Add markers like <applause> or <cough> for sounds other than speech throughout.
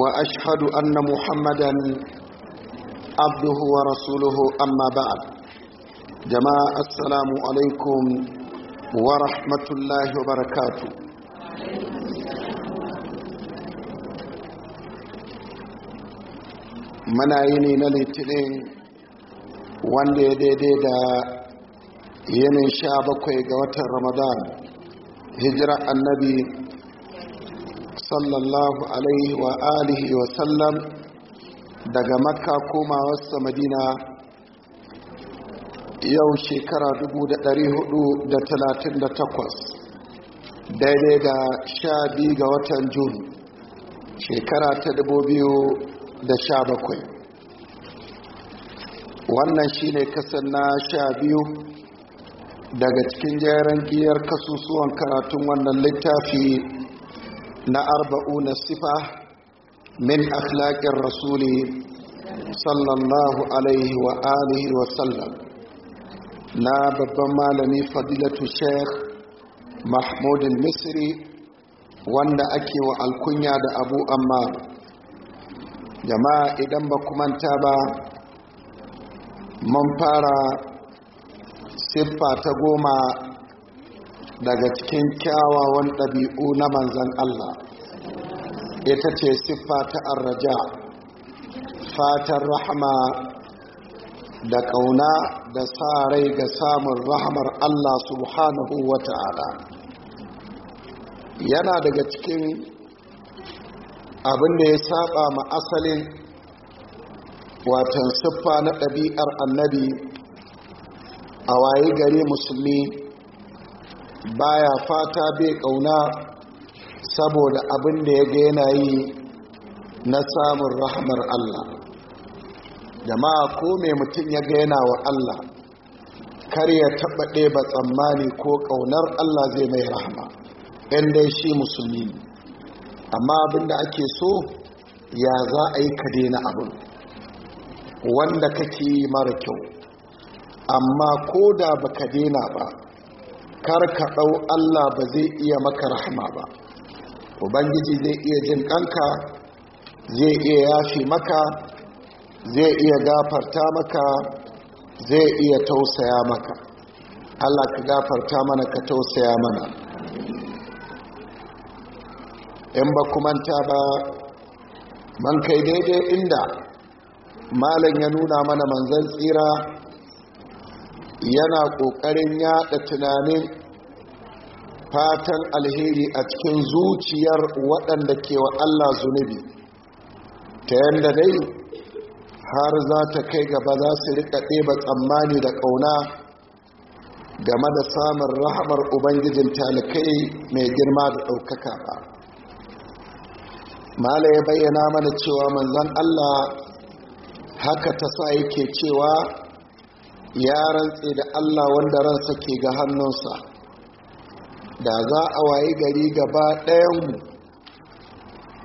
وأشهد أن محمدا عبده ورسوله أما بعد جماعة السلام عليكم ورحمة الله وبركاته manayini na litinin wanda ya daidai da yinin sha bakwai ga watan ramadan hijirar annabi sallallahu alaihi wa alihi wa sallam daga makka komawarsa madina yau shekara 438 daidai da sha biyu ga watan jun shekara ta 2017 wannan shine kasan na sha biyu daga cikin jeren giyar kasusuwan karatun wannan littafi na arba'u na sifa min akhlaƙin rasuli sallallahu alaihi wa alihi wa sallam na babban malami fadilatu sheikh mahmudin misri wanda ake wa alkunya da abu amma jama'a idan ba manta ba mun fara siffa ta goma daga cikin kyawawan ɗabi'u na manzan Allah ita ce siffa ta arraja fatan rahama da ƙauna da sa rai ga samun rahamar Allah subhanahu wa ta'ala yana daga cikin abin da ya saba ma asalin watan siffa na ɗabi'ar annabi a waye gare musulmi baya fata bai kauna saboda abin da ya ga yana yi na samun rahmar Allah jama'a ko mai mutum ya ga wa Allah kar ya taɓa ɗeba tsammani ko ƙaunar Allah zai mai rahama ɗan dai shi musulmi amma abin da ake so ya za a yi ka daina abin wanda kake mara kyau amma ko da ba ka daina ba kar ka ɗau Allah ba zai iya maka rahama ba ubangiji zai iya jin kanka zai iya yafi maka zai iya gafarta maka zai iya tausaya maka Allah ka gafarta mana ka tausaya mana in ba kumanta ba man kai daidai inda malam ya nuna mana manzan tsira yana ƙoƙarin yaɗa tunanin fatan alheri a cikin zuciyar waɗanda ke wa Allah zunubi ta yadda dai har za ta kai gaba za su riƙa ɗeba tsammani da ƙauna game da samun rahamar ubangijin talikai mai girma da ɗaukaka ba mala ya bayyana mana cewa manzan Allah haka ta sa yake cewa ya rantse da Allah wanda ransa ke ga hannunsa da za a waye gari gaba ɗayanmu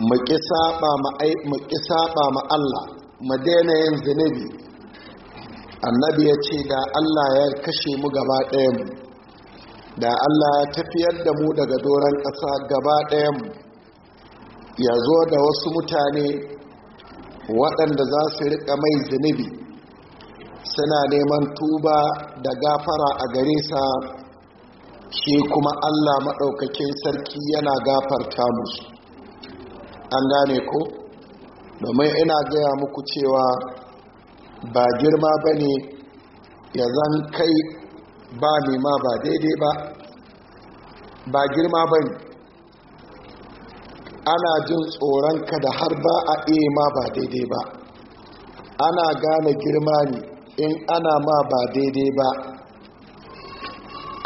mu ƙi saba ma Allah mu daina yin zunubi annabi ya ce da Allah ya kashe mu gaba ɗayanmu da Allah ya tafiyar da mu daga doron ƙasa gaba ɗayanmu ya zo da wasu mutane waɗanda za su riƙa mai zunubi suna neman tuba da gafara a gare sa shi kuma Allah maɗaukakin sarki yana gafarta musu an gane ko domin ina gaya muku cewa ba girma ba ne ya zan kai ba nema ba daidai ba ba girma ba ne ana jin tsoronka da har ba a iya ma ba daidai ba ana gane girma ne in ana ma ba daidai ba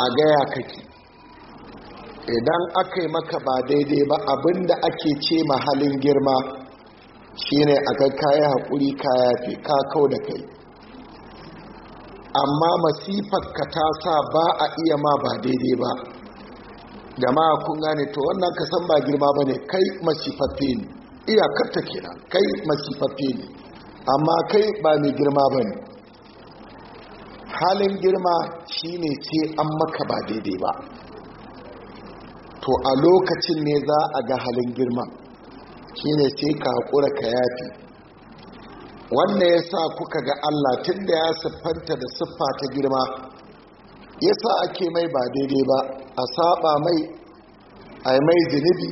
a gaya kake idan aka yi maka ba daidai ba abinda ake ce mahalin girma shine a ga kaya haƙuri kaya fi kakau da kai amma ka ta sa ba a iya ma ba daidai ba jama'a kun gane to wannan ka san ba girma ba ne kai masifaffe ne iyakarta kira kai masifaffe ne amma kai ba mai girma ba ne halin girma shi ne ce an maka ba daidai ba to a lokacin ne za a ga halin girma shi ne ce ka haƙura ka yafi wannan ya sa kuka ga allah tun da ya siffanta da siffa ta girma ya sa ake mai ba daidai ba a saba mai a mai zinibi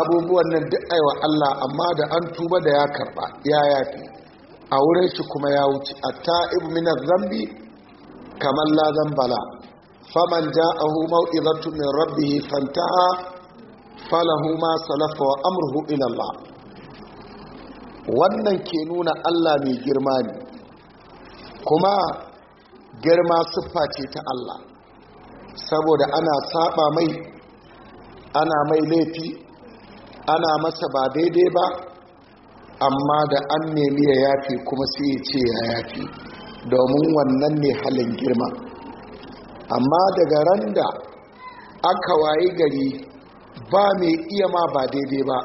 abubuwan nan duk aiwa allah amma da an tuba da ya karba ya yafi a shi kuma ya wuce A atta minar zambi kamar la bala faman a mai min rabbihi fantaha falahu ma salafa wa amurhu ilalla. wannan ke nuna Allah mai girma ne kuma girma siffa ce ta Allah saboda ana saba mai ana mai laifi ana masa ba daidai ba amma da an nemi ya yafi kuma sai ya ce ya yafi domin wannan ne halin girma amma daga ran da aka wayi gari ba mai iya ma ba daidai ba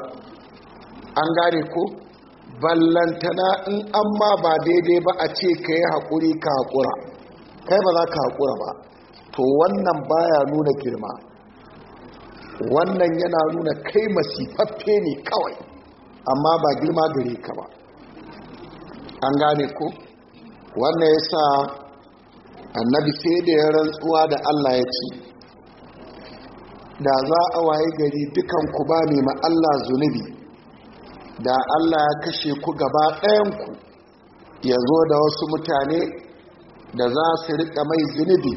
an gane ko ballantana in an ma ba daidai ba a ce ka yi haƙuri ka haƙura kai ba za ka haƙura ba to wannan baya nuna girma wannan yana nuna kai masifaffe ne kawai amma ba girma gare ka ba an gane ko wannan ya sa annabi sai da ya rantsuwa da allah ya ci. da za a waye gari dukanku ku ba ne ma allah zunubi da allah ya kashe ku gaba ɗayanku ya zo da wasu mutane da za su riƙa mai zunubi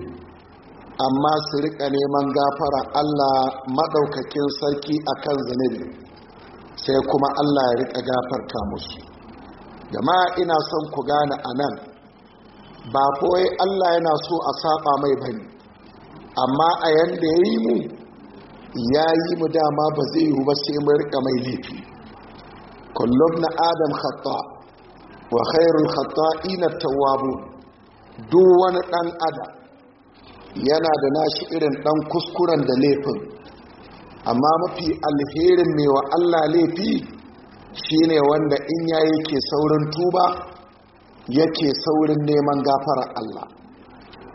amma su riƙa neman gafara Allah maɗaukakin sarki akan zunubi sai kuma Allah ya rika gafarta musu jama'a ina son ku gane anan ba koyi Allah yana so a saba mai bane amma a yanda ya yi mu ya yi mu dama ba zai yi ba sai mu rika mai laifi kullum na adam khata wa khairul khata'ina tawwabu duk wani dan adam yana da nashi irin dan kuskuren da laifin amma mafi alherin mai wa Allah laifi shine wanda in ya ke saurin tuba yake saurin neman gafarar Allah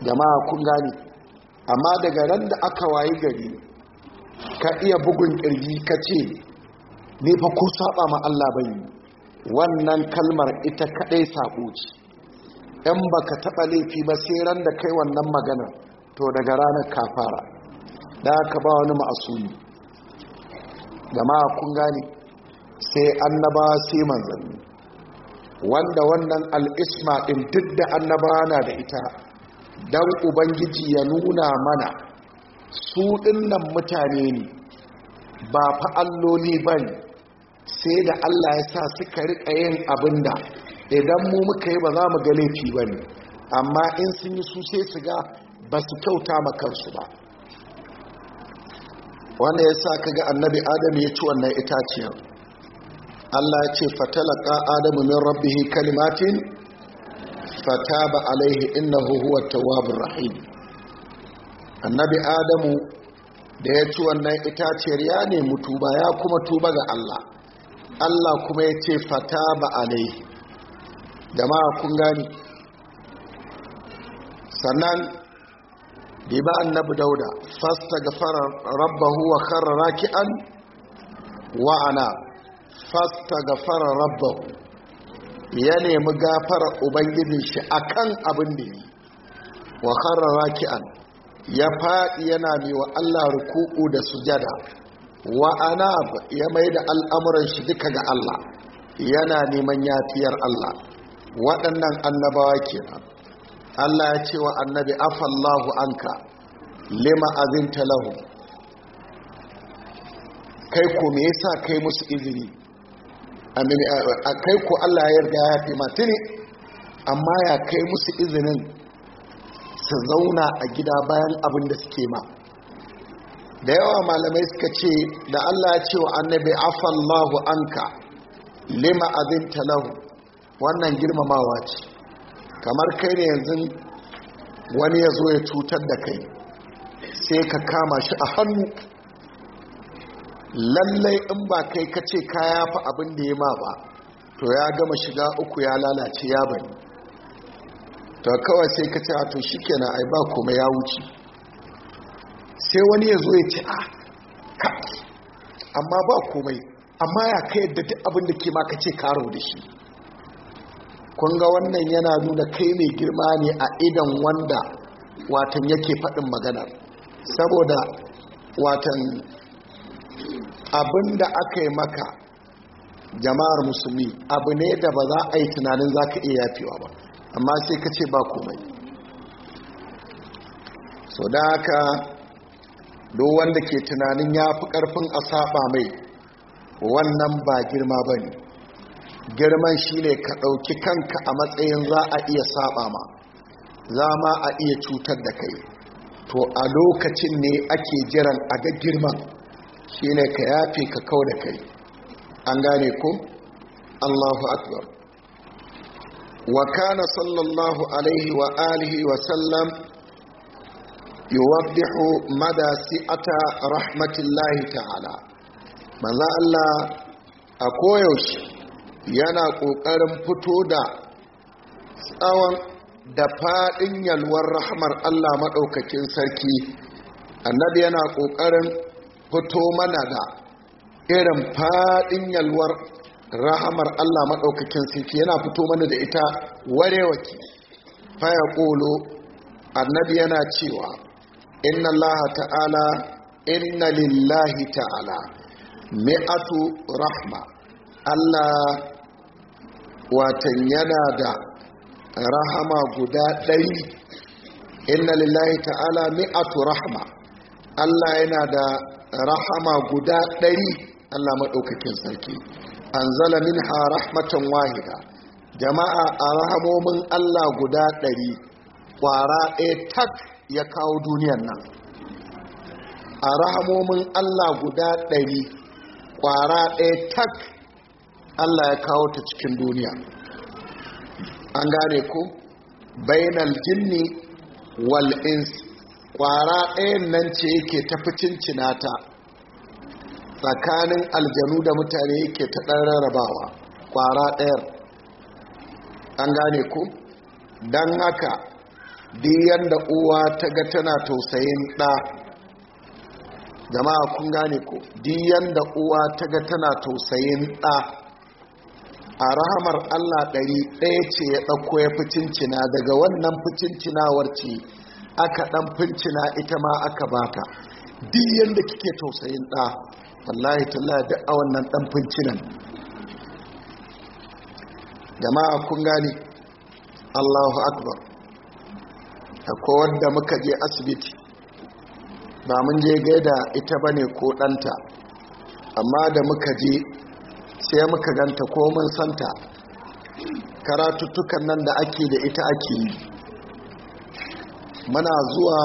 jama'a kun gani amma daga ran da aka wayi gari ka iya bugun kirgi ka ce ni fa ko saba ma Allah bai wannan kalmar ita kadai sako ce ba ka taɓa laifi ba sai ran da kai wannan magana to daga ranar kafara da aka ba wani ma'asumi jama'a kun gane sai annaba sai manzanni wanda wannan al'isma ɗin duk da annaba na da ita don ubangiji ya nuna mana su ɗinnan mutane ne ba fa alloli ba ne sai da allah ya sa suka riƙa yin abin da idan mu muka yi ba za mu ga laifi ba ne amma in sun yi su sai su ga ba su kyauta makarsu ba wanda ya sa ga annabi adam ya ci wannan itaciyar Allah ya ce fatalaka adamu min rabbihi kalimatin fataba alaihi innahu huwa tawwabur rahim annabi adamu da ya ci wannan itaciyar ya nemi tuba ya kuma tuba ga Allah Allah kuma ya ce fataba alaihi jama'a kun gani sannan bima annabi dauda fastaghfara rabbahu wa kharra raki'an wa ana fastaghfara rabbahu ya nemi gafara ubangijin shi akan abin da yi wa kharra raki'an ya faɗi yana mai wa Allah ruku'u da sujada wa ana ya mai da al'amuran shi duka ga Allah yana neman yafiyar Allah waɗannan annabawa kenan Allah ya ce wa annabi afallahu anka lima azinta talahu, kai ko me yasa kai musu izini annabi kai ko Allah ya yarda ya fi matini amma ya kai musu izinin su zauna a gida bayan abin da suke ma da yawa malamai suka ce da Allah ya ce wa annabi afallahu anka lima azinta talahu, wannan girmamawa ce kamar kai ne yanzu wani ya zo ya cutar da kai sai ka kama shi a hannu lallai in ba kai ka ce ka yafa abin da ya ma ba to ya gama shiga uku ya lalace ya bari to kawai sai ka ce a to shi kenan ai ba kuma ya wuce sai wani ya zo ya ce a amma ba komai amma ya ka yadda duk abin da ke maka ce karo da shi kun ga wannan yana nuna kai mai girma ne a idan wanda watan yake faɗin magana? saboda watan abin da aka yi maka jama'ar musulmi abu ne da ba za a yi tunanin za ka iya yafewa ba amma sai ka ce ba komai so da haka duk wanda ke tunanin ya fi ƙarfin a saba mai wannan ba girma ba ne girman shine ka ɗauki kanka a matsayin za a iya saba ma za ma a iya cutar da kai to a lokacin ne ake jiran a ga girman shine ka yafe ka kau da kai an gane ko allahu akbar wa kana sallallahu alaihi wa alihi wa sallam yuwaddihu mada si'ata rahmatillahi ta'ala manzo Allah a koyaushe yana ƙoƙarin fito da tsawon da faɗin yalwar rahmar Allah maɗaukakin sarki annabi yana ƙoƙarin fito mana da irin faɗin yalwar rahmar Allah maɗaukakin sarki yana fito mana da ita warewaki faya ƙolo annabi yana cewa inna Allah ta'ala inna lillahi ta'ala mi'atu rahma Allah watan yana da rahama guda ɗari inna lillahi ta'ala mi'atu rahama Allah yana da rahama guda ɗari Allah maɗaukakin sarki an zala min ha rahmatan wahida jama'a a rahamomin Allah guda ɗari ƙwara ɗaya tak ya kawo duniyan nan a rahamomin Allah guda ɗari ƙwara ɗaya tak allah ya kawo ta cikin duniya an gane ko bainal jinni wal insi kwara ɗayan nan ce yake tafi cinata. tsakanin aljanu da mutane yake ta ɗan rarrabawa kwara ɗayar an gane ku don haka diyan da uwa ta ga tana tausayin ɗa jama'a kun gane ku diyan da uwa ta ga tana tausayin ɗa a rahamar Allah ɗari ɗaya ce ya ɗauko ya ficincina daga wannan ficincinawar ce aka ɗan fincina ita ma aka baka duk yadda kike tausayin ɗa wallahi tallahi duk a wannan ɗan fincinan jama'a kun gani Allahu akbar akwai wanda muka je asibiti ba mun je gaida ita bane ko ɗanta amma da muka je sai muka ganta ko mun santa karatuttukan nan da ake da ita ake yi mana zuwa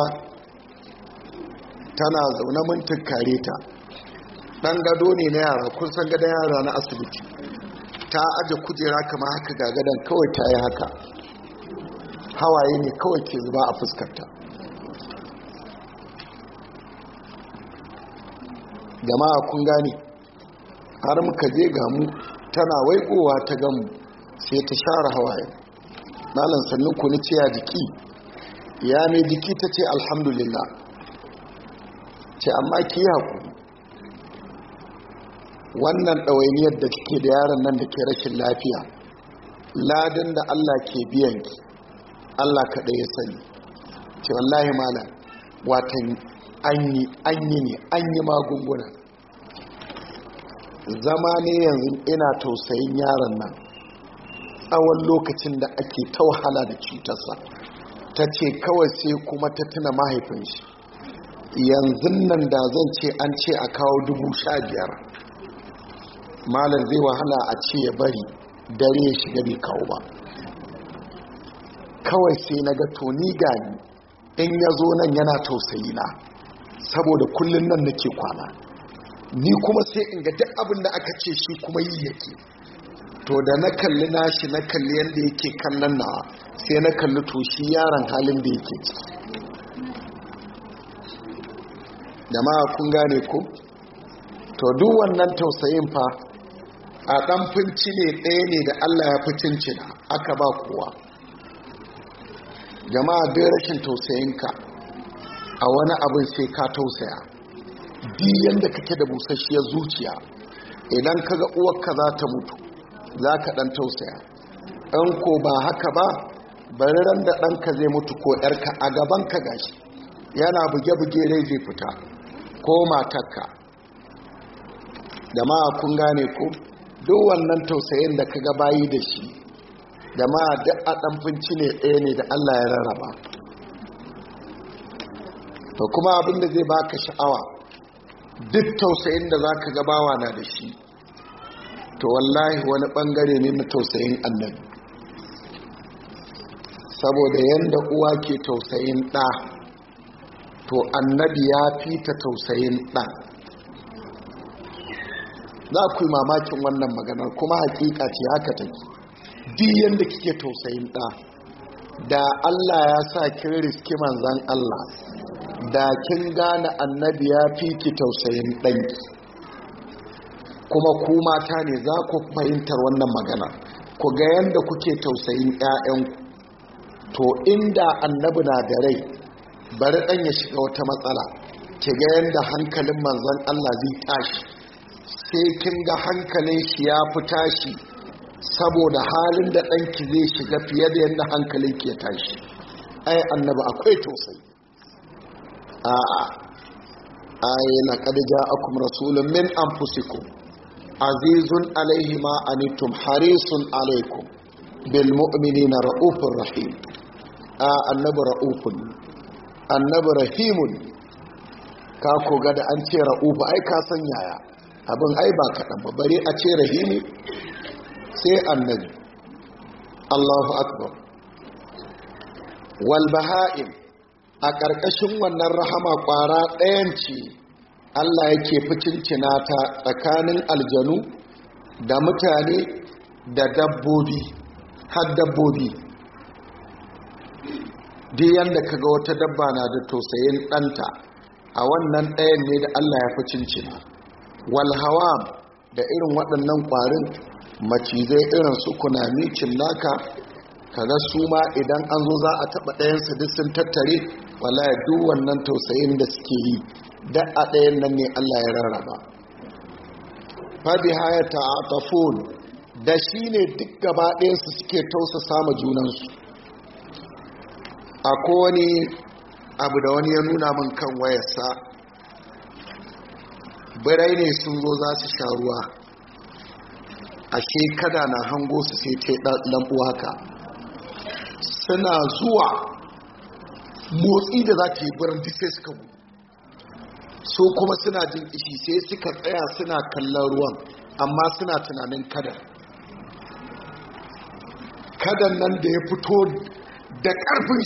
tana zaune mun tunkare ta ɗan gado ne na yara kun san gadon yara na asibiti ta aje kujera kamar haka ga gadon kawai ta yi haka hawaye ne kawai ke zuba a fuskarta jama'a kun gane har muka je ga mu tana waikowa ta gamu sai ta share hawaye malam sannin ku ce ya jiki ya ne jiki ta ce alhamdulillah ce amma ki haku wannan ɗawainiyar da kike da yaron nan da ke rashin lafiya ladin da Allah ke biyan ki Allah kaɗai ya sani ce wallahi malam watan anyi anyi ne anyi magunguna zama ne yanzu ina tausayin yaron nan tsawon lokacin da ake ta wahala da cutarsa ta ce kawai sai kuma ta tuna mahaifin shi yanzu nan da zan ce an ce a kawo dubu sha biyar malar zai wahala a ce ya bari dare ya shiga bai kawo ba kawai sai na ga toni gani in ya zo nan yana tausayi na saboda kullum nan nake kwana ni kuma sai in ga duk abin da aka ce shi kuma yi yake to da na kalli nashi na kalli yadda yake kallon nawa sai na kalli to shi yaron halin da yake ciki jama'a kun gane ku? to duk wannan tausayin fa a dan finci ɗaya ne da Allah ya fi cincina aka ba kowa jama'a bai rashin tausayinka a wani abin sai ka tausaya biyan da kake da busasshiyar zuciya idan ka ga uwarka za ta mutu za ka ɗan tausaya ɗan ko ba haka ba bariran da ɗanka zai mutu ko ‘yarka a gabanka gashi yana buge-buge rai zai fita ko matakka. Da ma kun gane ko duk wannan tausayin da ka ga bayi da shi Da ma duk a ɗanfinci ne ɗaya ne da allah ya rarraba to kuma abin da zai baka sha'awa duk tausayin da za ka gabawa na da shi to wallahi wani bangare ne na tausayin annabi saboda yadda uwa ke tausayin ɗa to annabi ya ta tausayin ɗa za ku yi mamakin wannan maganar kuma hakika ce haka take duk yadda kike tausayin ɗa da allah ya sa kin riski manzan allah da kin gane annabi ya fi ki tausayin ɗanki kuma ku mata ne za ku fahimtar wannan magana ku ga yadda kuke tausayin 'ya'yanku to inda annabi na da rai bari ɗan ya shiga wata matsala ki ga yadda hankalin manzon Allah zai tashi sai kin ga hankalin shi ya fi tashi saboda halin da ɗanki zai shiga fiye da yadda hankalin ke tashi ai annabi akwai tausayi a'a ayyana kadija akum rasulun min anfusikum azizun alaihi ma anitum harisun alaikum bil mu'minina ra'ufur rahim a annabi ra'ufun annabi rahimun ka ko ga da an ce ra'ufu ai ka san yaya abin ai ba kaɗan ba bare a ce rahimi sai annabi allahu akbar wal baha'im a ƙarƙashin wannan rahama ƙwara ɗayan ce allah yake fikincina ta tsakanin aljanu da mutane da dabbobi har dabbobi duk yadda ka ga wata dabba na da tausayin ɗanta a wannan ɗayan ne da allah ya cin-cina. walhawa da irin waɗannan ƙwarin macizai irin su kunami cinnaka kaga su ma idan an zo za a taɓa ɗayan duk sun tattare wala duk wannan tausayin da suke yi da a ɗayan nan ne Allah ya rarraba fabi haya tafon, da shi ne duk gaba ɗayansu suke tausasa ma junansu a kowane abu da wani ya nuna min kan wayarsa birai ne sun zo za su sha ruwa ashe kada na hango su sai ce ɗan uwa ka suna zuwa motsi da za ka yi biran duk sai suka gudu so kuma suna jin ishi sai suka tsaya suna kallon ruwan amma suna tunanin kadan kadan nan da ya fito da ƙarfin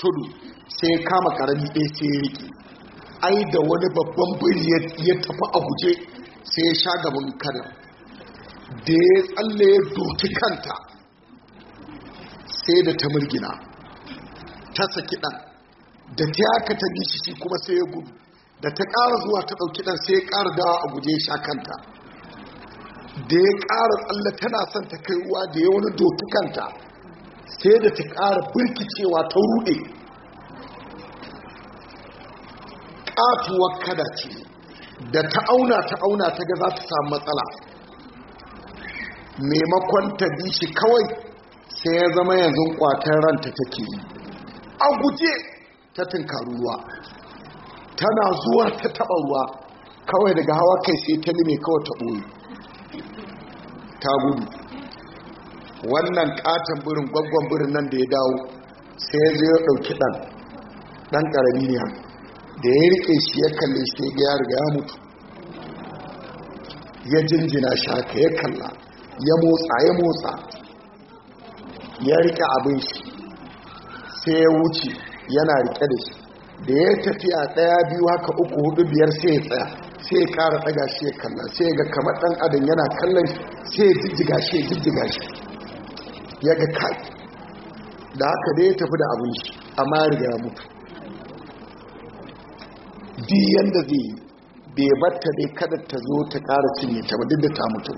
tudu sai ya kama ƙarami ɗaya sai ya riƙe ai da wani babban biri ya tafi a guje sai ya sha gaban kadan da ya tsalle ya doki kanta sai da ta murgina ta saki ɗan da ta ta gishi shi kuma sai ya gudu da ta ƙara zuwa ta ɗauki ɗan sai ya ƙara dawa a guje sha kanta da ya ƙara tsalle tana son ta kai uwa da ya wani doki kanta sai da ta ƙara birkicewa ta ruɗe ƙatuwar kada ce da ta auna ta auna ta ga za ta samu matsala maimakon ta bi shi kawai sai ya zama yanzu kwatan ranta take yi a guje ta tunkaru ruwa tana zuwa ta taba ruwa kawai daga hawa kai sai ta nime kawai ta ɓoye ta gudu wannan ƙaton birin gwaggon birin nan da ya dawo sai ya zai ɗauki ɗan ɗan ƙarami ne da ya riƙe shi ya kalle shi ya riga ya mutu ya jinjina shaka ya kalla ya motsa ya motsa ya rike abin shi sai ya wuce yana rike da shi da ya tafi a daya biyu haka uku hudu biyar sai ya tsaya sai ya kara daga shi ya kalla sai ga kamar dan adam yana kallon sai ya jijjiga shi ya jijjiga shi ya ga kai da haka da ya tafi da abin shi amma riga ya mutu duk yanda zai yi bai batta dai kada ta zo ta ƙara cinye ta duk da ta mutu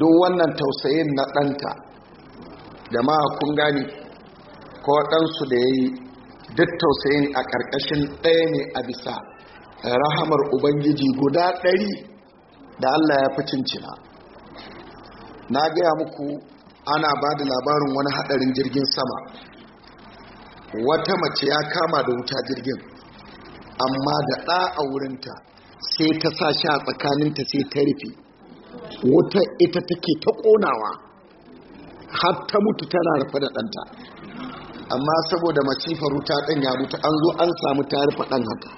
duk wannan tausayin na ɗanta jama'a kun gani ko ɗansu da ya yi duk tausayin a ƙarƙashin ɗaya ne a bisa rahamar ubangiji guda ɗari da allah ya fi cincina na gaya muku ana ba da labarin wani haɗarin jirgin sama wata mace ya kama da wuta jirgin amma da ɗa a wurinta sai ta sa shi a tsakaninta sai ta rufe wuta ita take ta ƙonawa har ta mutu tana rufe da ɗanta amma saboda macifar wuta ɗan ya mutu an zo an samu tarifa ɗan haka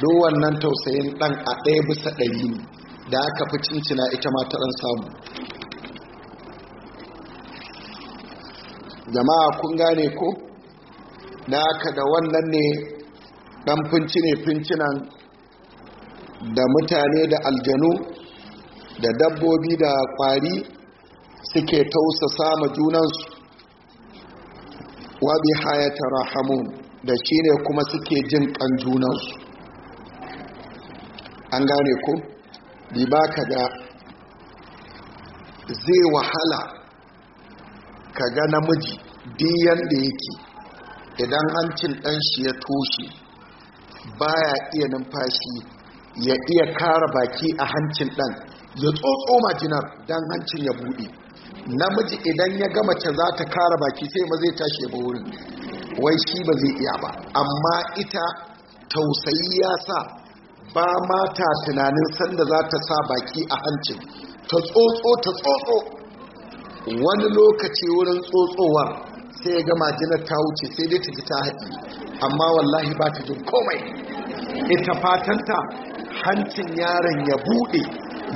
don wannan tausayin ɗan a ɗaya bisa ɗari ne da aka fi cincina ita ma ta ɗan samu jama'a kun gane ko na aka da wannan ne ɗan fincine-fincinan da mutane da aljanu da dabbobi da ƙwari suke tausasa ma junansu wa hayata rahamun da shi ne kuma suke jin kan junansu an gane ko ba ka ga zai wahala ka ga namiji diyan da yake idan hancin ɗan shi ya toshe baya iya numfashi ya iya kara baki a hancin ɗan ya tsotso majinar don hancin ya buɗe namiji idan ya gama mace za ta kara baki sai ma zai tashi ba wurin wai shi ba zai iya ba amma ita tausayi ya sa ba mata tunanin sanda za ta sa baki a hancin ta tsotso ta tsotso wani lokaci wurin tsotsowa sai ya gama jinar ta wuce sai dai ta ji ta haɗi amma wallahi ba ta jin komai ita fatanta hancin yaron ya buɗe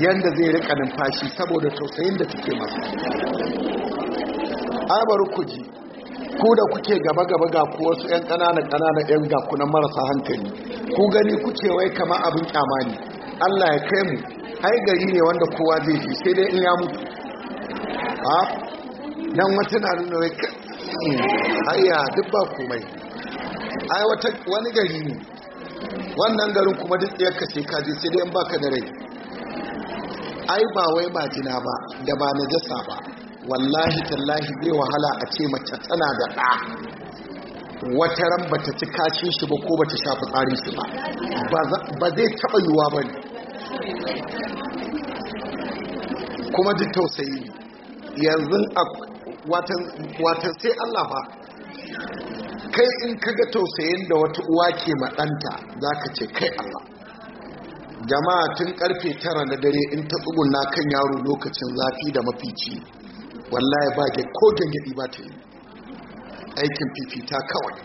yadda zai rika numfashi saboda tausayin da take masa abar kuji ku da kuke gaba-gaba ga ku wasu 'yan ƙananan-ƙananan 'yan gakunan marasa hankali ku gani kuce wai kama abin kyama ne allah ya kai mu ai gari ne wanda kowa zai fi sai dai in ya mutu a nan wata na nuna wai aiya duk ba komai ai wani gari ne wannan garin kuma duk ɗaya ka sai kaji sai dai in baka da rai ai ba wai ba jina ba da ba na jasa ba wallahi tallahi bai wahala a ce mace tana da ɗa wata ran ba ta ci kashin shi ba ko ba ta shafi tsarin shi ba ba zai taɓa yiwuwa ba ne kuma duk tausayi yanzu watan sai Allah ba kai in kaga tausayin da wata uwa ke maɗanta za ka ce kai Allah jama'a tun karfe tara na dare in ta tsuguna kan yaro lokacin zafi da mafici wallahi ba ke ko gangadi ba ta yi aikin fifita kawai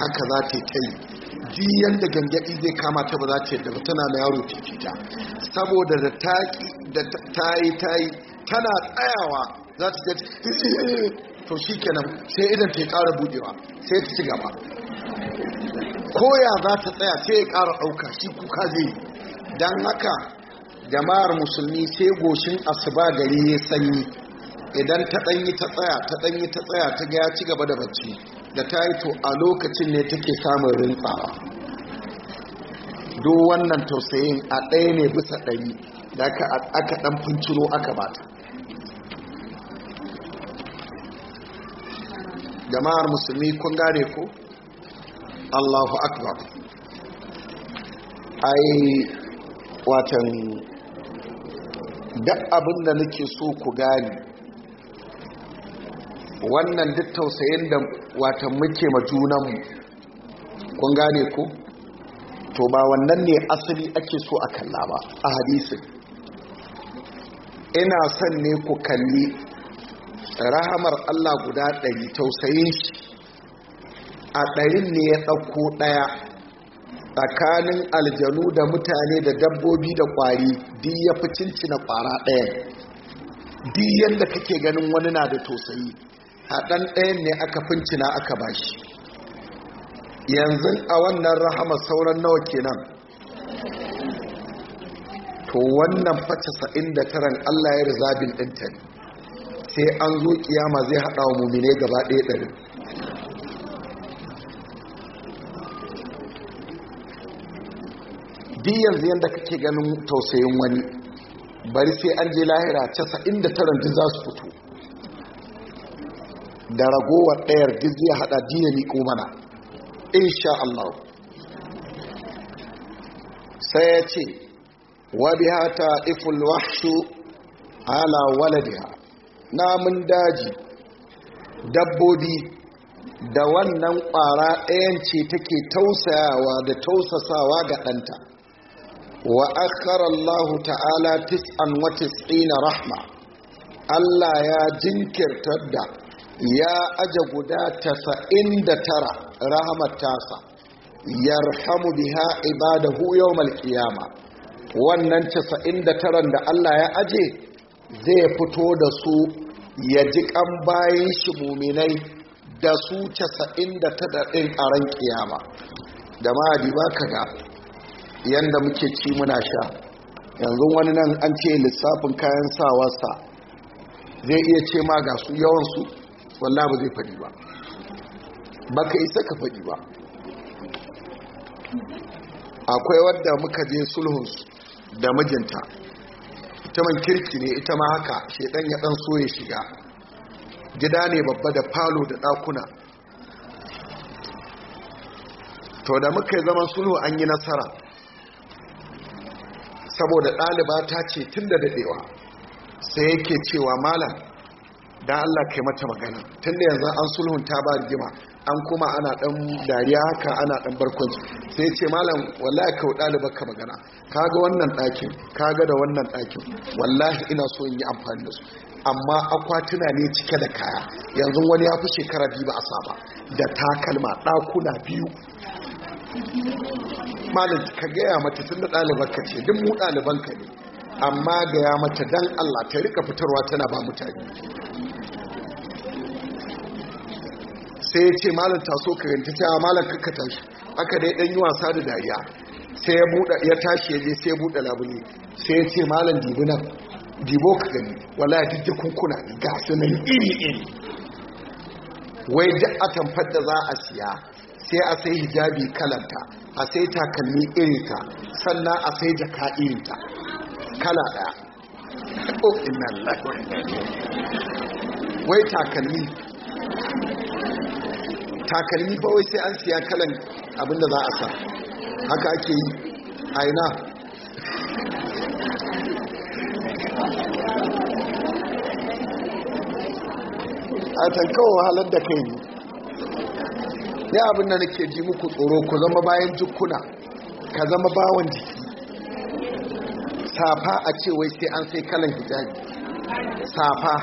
haka za ta ta yi yadda da gangadi zai kama ta ba za ta yadda ba tana na yaro fifita saboda da ta yi ta yi tana tsayawa za ta ce to shi kenan sai idan ta yi ƙara budewa sai ta ci gaba koya za ta tsaya sai ya ƙara ɗauka shi kuka zai don haka jama'ar musulmi sai goshin asuba gari ya sanyi idan ta ɗanyi ta tsaya ta ɗanyi ta tsaya ta ga ya ci gaba da bacci da ta yi to a lokacin ne take samun rintsawa duk wannan tausayin a ɗaya ne bisa ɗari da aka ɗan finciro aka bata jama'ar musulmi kun gane ko allahu akbar watan duk abin da nake so ku gani wannan duk tausayin da watan muke ma junanmu kun gane ku to ba wannan ne asali ake so a kalla ba a hadisin ina son ne ku kalli rahamar Allah guda ɗari tausayin shi a ɗarin ne ya ɗauko ɗaya tsakanin aljanu da mutane da dabbobi da kwari di ya fi cincina kwara ɗaya di yadda kake ganin wani na da tosayi haɗan ɗayan ne aka fincina aka ba shi. yanzu a wannan rahama sauran nawa kenan to wannan face sa'in da taron allah ya rizabin ɗinta ne sai an zo kiyama zai haɗa wa mummine gaba ɗaya ɗari duk yanzu yadda kake ganin tausayin wani bari sai an je lahira casa'in da taron za su fito da ragowar ɗayar duk zai haɗa diya miƙo mana insha Allah sai ya ce wa biha iful wahshu ala waladiha namun daji dabbobi da wannan ƙwara ɗayan ce take tausayawa da tausasawa ga ɗanta wa akhara Allah ta'ala tis'an wa tis'ina rahma Allah ya jinkirta da ya aje guda tasa'in da tara tasa yarhamu biha ibadahu yawmal qiyama wannan tasa'in da da Allah ya aje zai fito da su ya ji kan bayan shi muminai da su casa'in da a ran kiyama da ma ba ga Yanda muke ci muna sha yanzu wani nan an ce lissafin kayan sawarsa zai iya ce ma ga su yawansu wallah ba zai faɗi ba ba ka isa ka faɗi ba akwai wadda muka je sulhunsu da mijinta ita man kirki ne ita ma haka shaidan ya ɗan so shiga gida ne babba da falo da ɗakuna to da muka yi zaman sulhu an yi nasara saboda ɗaliba ta ce tun da daɗewa sai yake cewa malam da Allah kai mata magana tun da yanzu an sulhun ta ba rigima an kuma ana ɗan dariya haka ana ɗan barkwanci sai ce malam wallahi ka ɗalibar ka magana kaga wannan ɗakin kaga da wannan ɗakin wallahi ina so in yi amfani da su amma akwatuna ne cike da kaya yanzu wani ya fi shekara biyu ba a saba da takalma ɗakuna biyu malam ka gaya mata tun da ka ce duk mu ɗaliban ka ne amma gaya mata dan Allah ta rika fitarwa tana ba mutane sai ya ce malam taso ka ganta ta malam ka tashi aka dai ɗan yi wasa da dariya sai ya buɗe ya tashi ya je sai ya buɗe labule sai ya ce malam dibo ka gani wallahi duk kunkuna ga sunan iri iri wai duk atamfar da za a siya sai a sai hijabi kalanta a sai takalmi irinta sannan a sai jaka irinta kala daya oh wai takalmi takalmi ba wai sai an siya kalan abinda za a sa haka ake yi aina a tankawa halar da kai ne ne abin da nake ji muku tsoro ku zama bayan jukuna ka zama bawan jiki safa a ce wai sai an sai kalan hijabi safa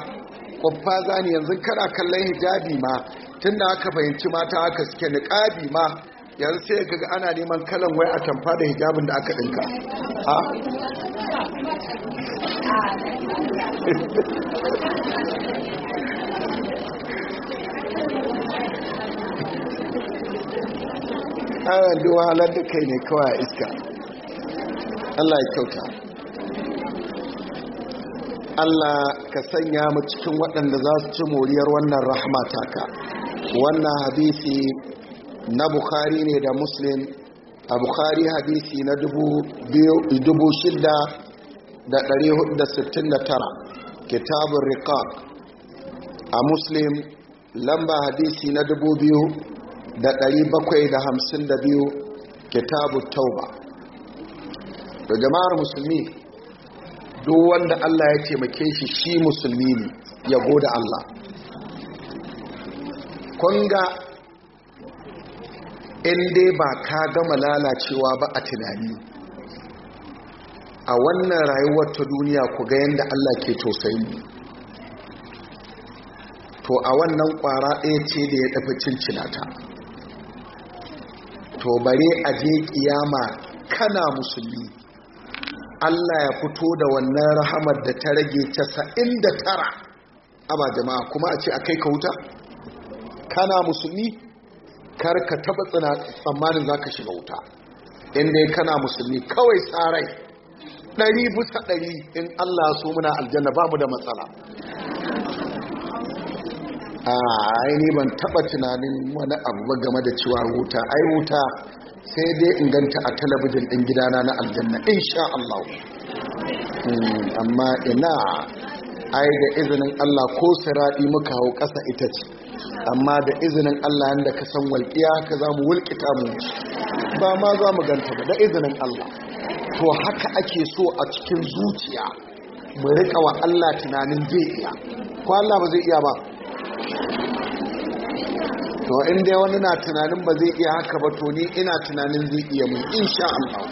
kwabba zani yanzu kana kallon hijabi ma tun da aka fahimci mata aka suke niƙabi ma yanzu sai ga ana neman kalan wai a tamfa da hijabin da aka ɗinka ah. <laughs> kara duwa halar da kai ne kawai a iska allah ya kyauta allah ka sanya mu cikin waɗanda za su ci moriyar wannan rahmata ka wannan hadisi na bukhari ne da muslim a bukhari hadisi na 6,469 kitabun riqaq a muslim lamba hadisi na 2,000 da ɗari biyu, kitabu tauba da jama'ar musulmi duk wanda Allah ya taimake shi shi musulmi ne ya goda Allah kunga in dai ba ka gama lalacewa ba a tunani a wannan rayuwar ta duniya ku ga yadda Allah ke tausayi to a wannan ƙwara ɗaya ce da ya ɗafi cincinata to bare a je kiyama kana musulmi Allah ya fito da wannan rahamar da ta rage 99 amma jama'a kuma a ce a kai ka wuta kana musulmi kar ka taba tsina tsammanin za ka shiga wuta inda ya kana musulmi kawai tsarai ɗari bisa ɗari in Allah so muna aljanna babu da matsala a aini ban taba tunanin wani abu ba game da cewa wuta ai wuta sai dai inganta a talabijin ɗin gidana na aljanna insha Allah hmm, amma ina ai da izinin Allah ko siradi muka hau ƙasa ita ce amma da izinin Allah yanda ka san walƙiya ka za mu mu ba ma za mu ganta ba da izinin Allah to haka ake so a cikin zuciya mu riƙa wa Allah tunanin zai iya ko Allah ba zai iya ba to inda wani na tunanin ba zai iya haka ba to ni ina tunanin zai iya mu insha Allah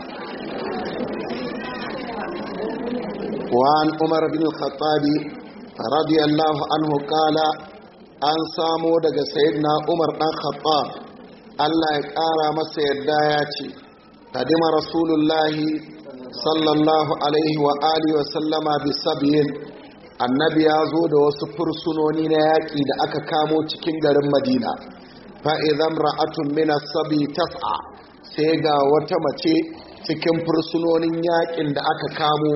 وعن عمر بن الخطاب رضي الله an samu daga sayyidina umar dan khattab Allah ya ƙara masa yadda ya ce kadima rasulullahi sallallahu alaihi wa alihi wa sallama bi sabiyin annabi ya zo da wasu fursunoni na yaƙi da aka kamo cikin garin madina fa'izan ra'atun mina sabi tas'a sai ga wata mace cikin fursunonin yaƙin da aka kamo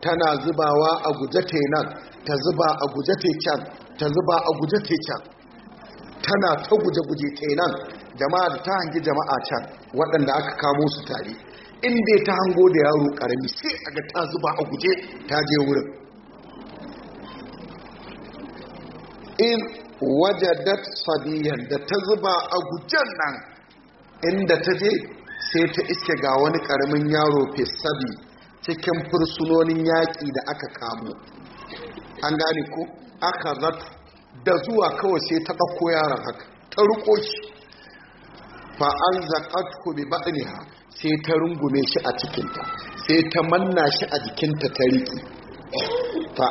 tana zubawa a guje nan ta zuba a guje can ta zuba a guje can tana ta guje-guje nan jama'a da ta hangi jama'a can waɗanda aka kamo su tare inda ta hango da yaro ƙarami sai a ga ta zuba a guje ta je wurin in wajadat sabiyan da ta zuba a gujen nan inda ta je sai ta iske ga wani karamin yaro fesabi cikin fursunonin yaƙi da aka kamo an gane ko aka zata da zuwa kawai sai ta ɗauko yaron haka ta ruko shi fa'an ku bi ba'niha sai ta rungume shi a cikinta sai ta manna shi a jikinta ta riƙi da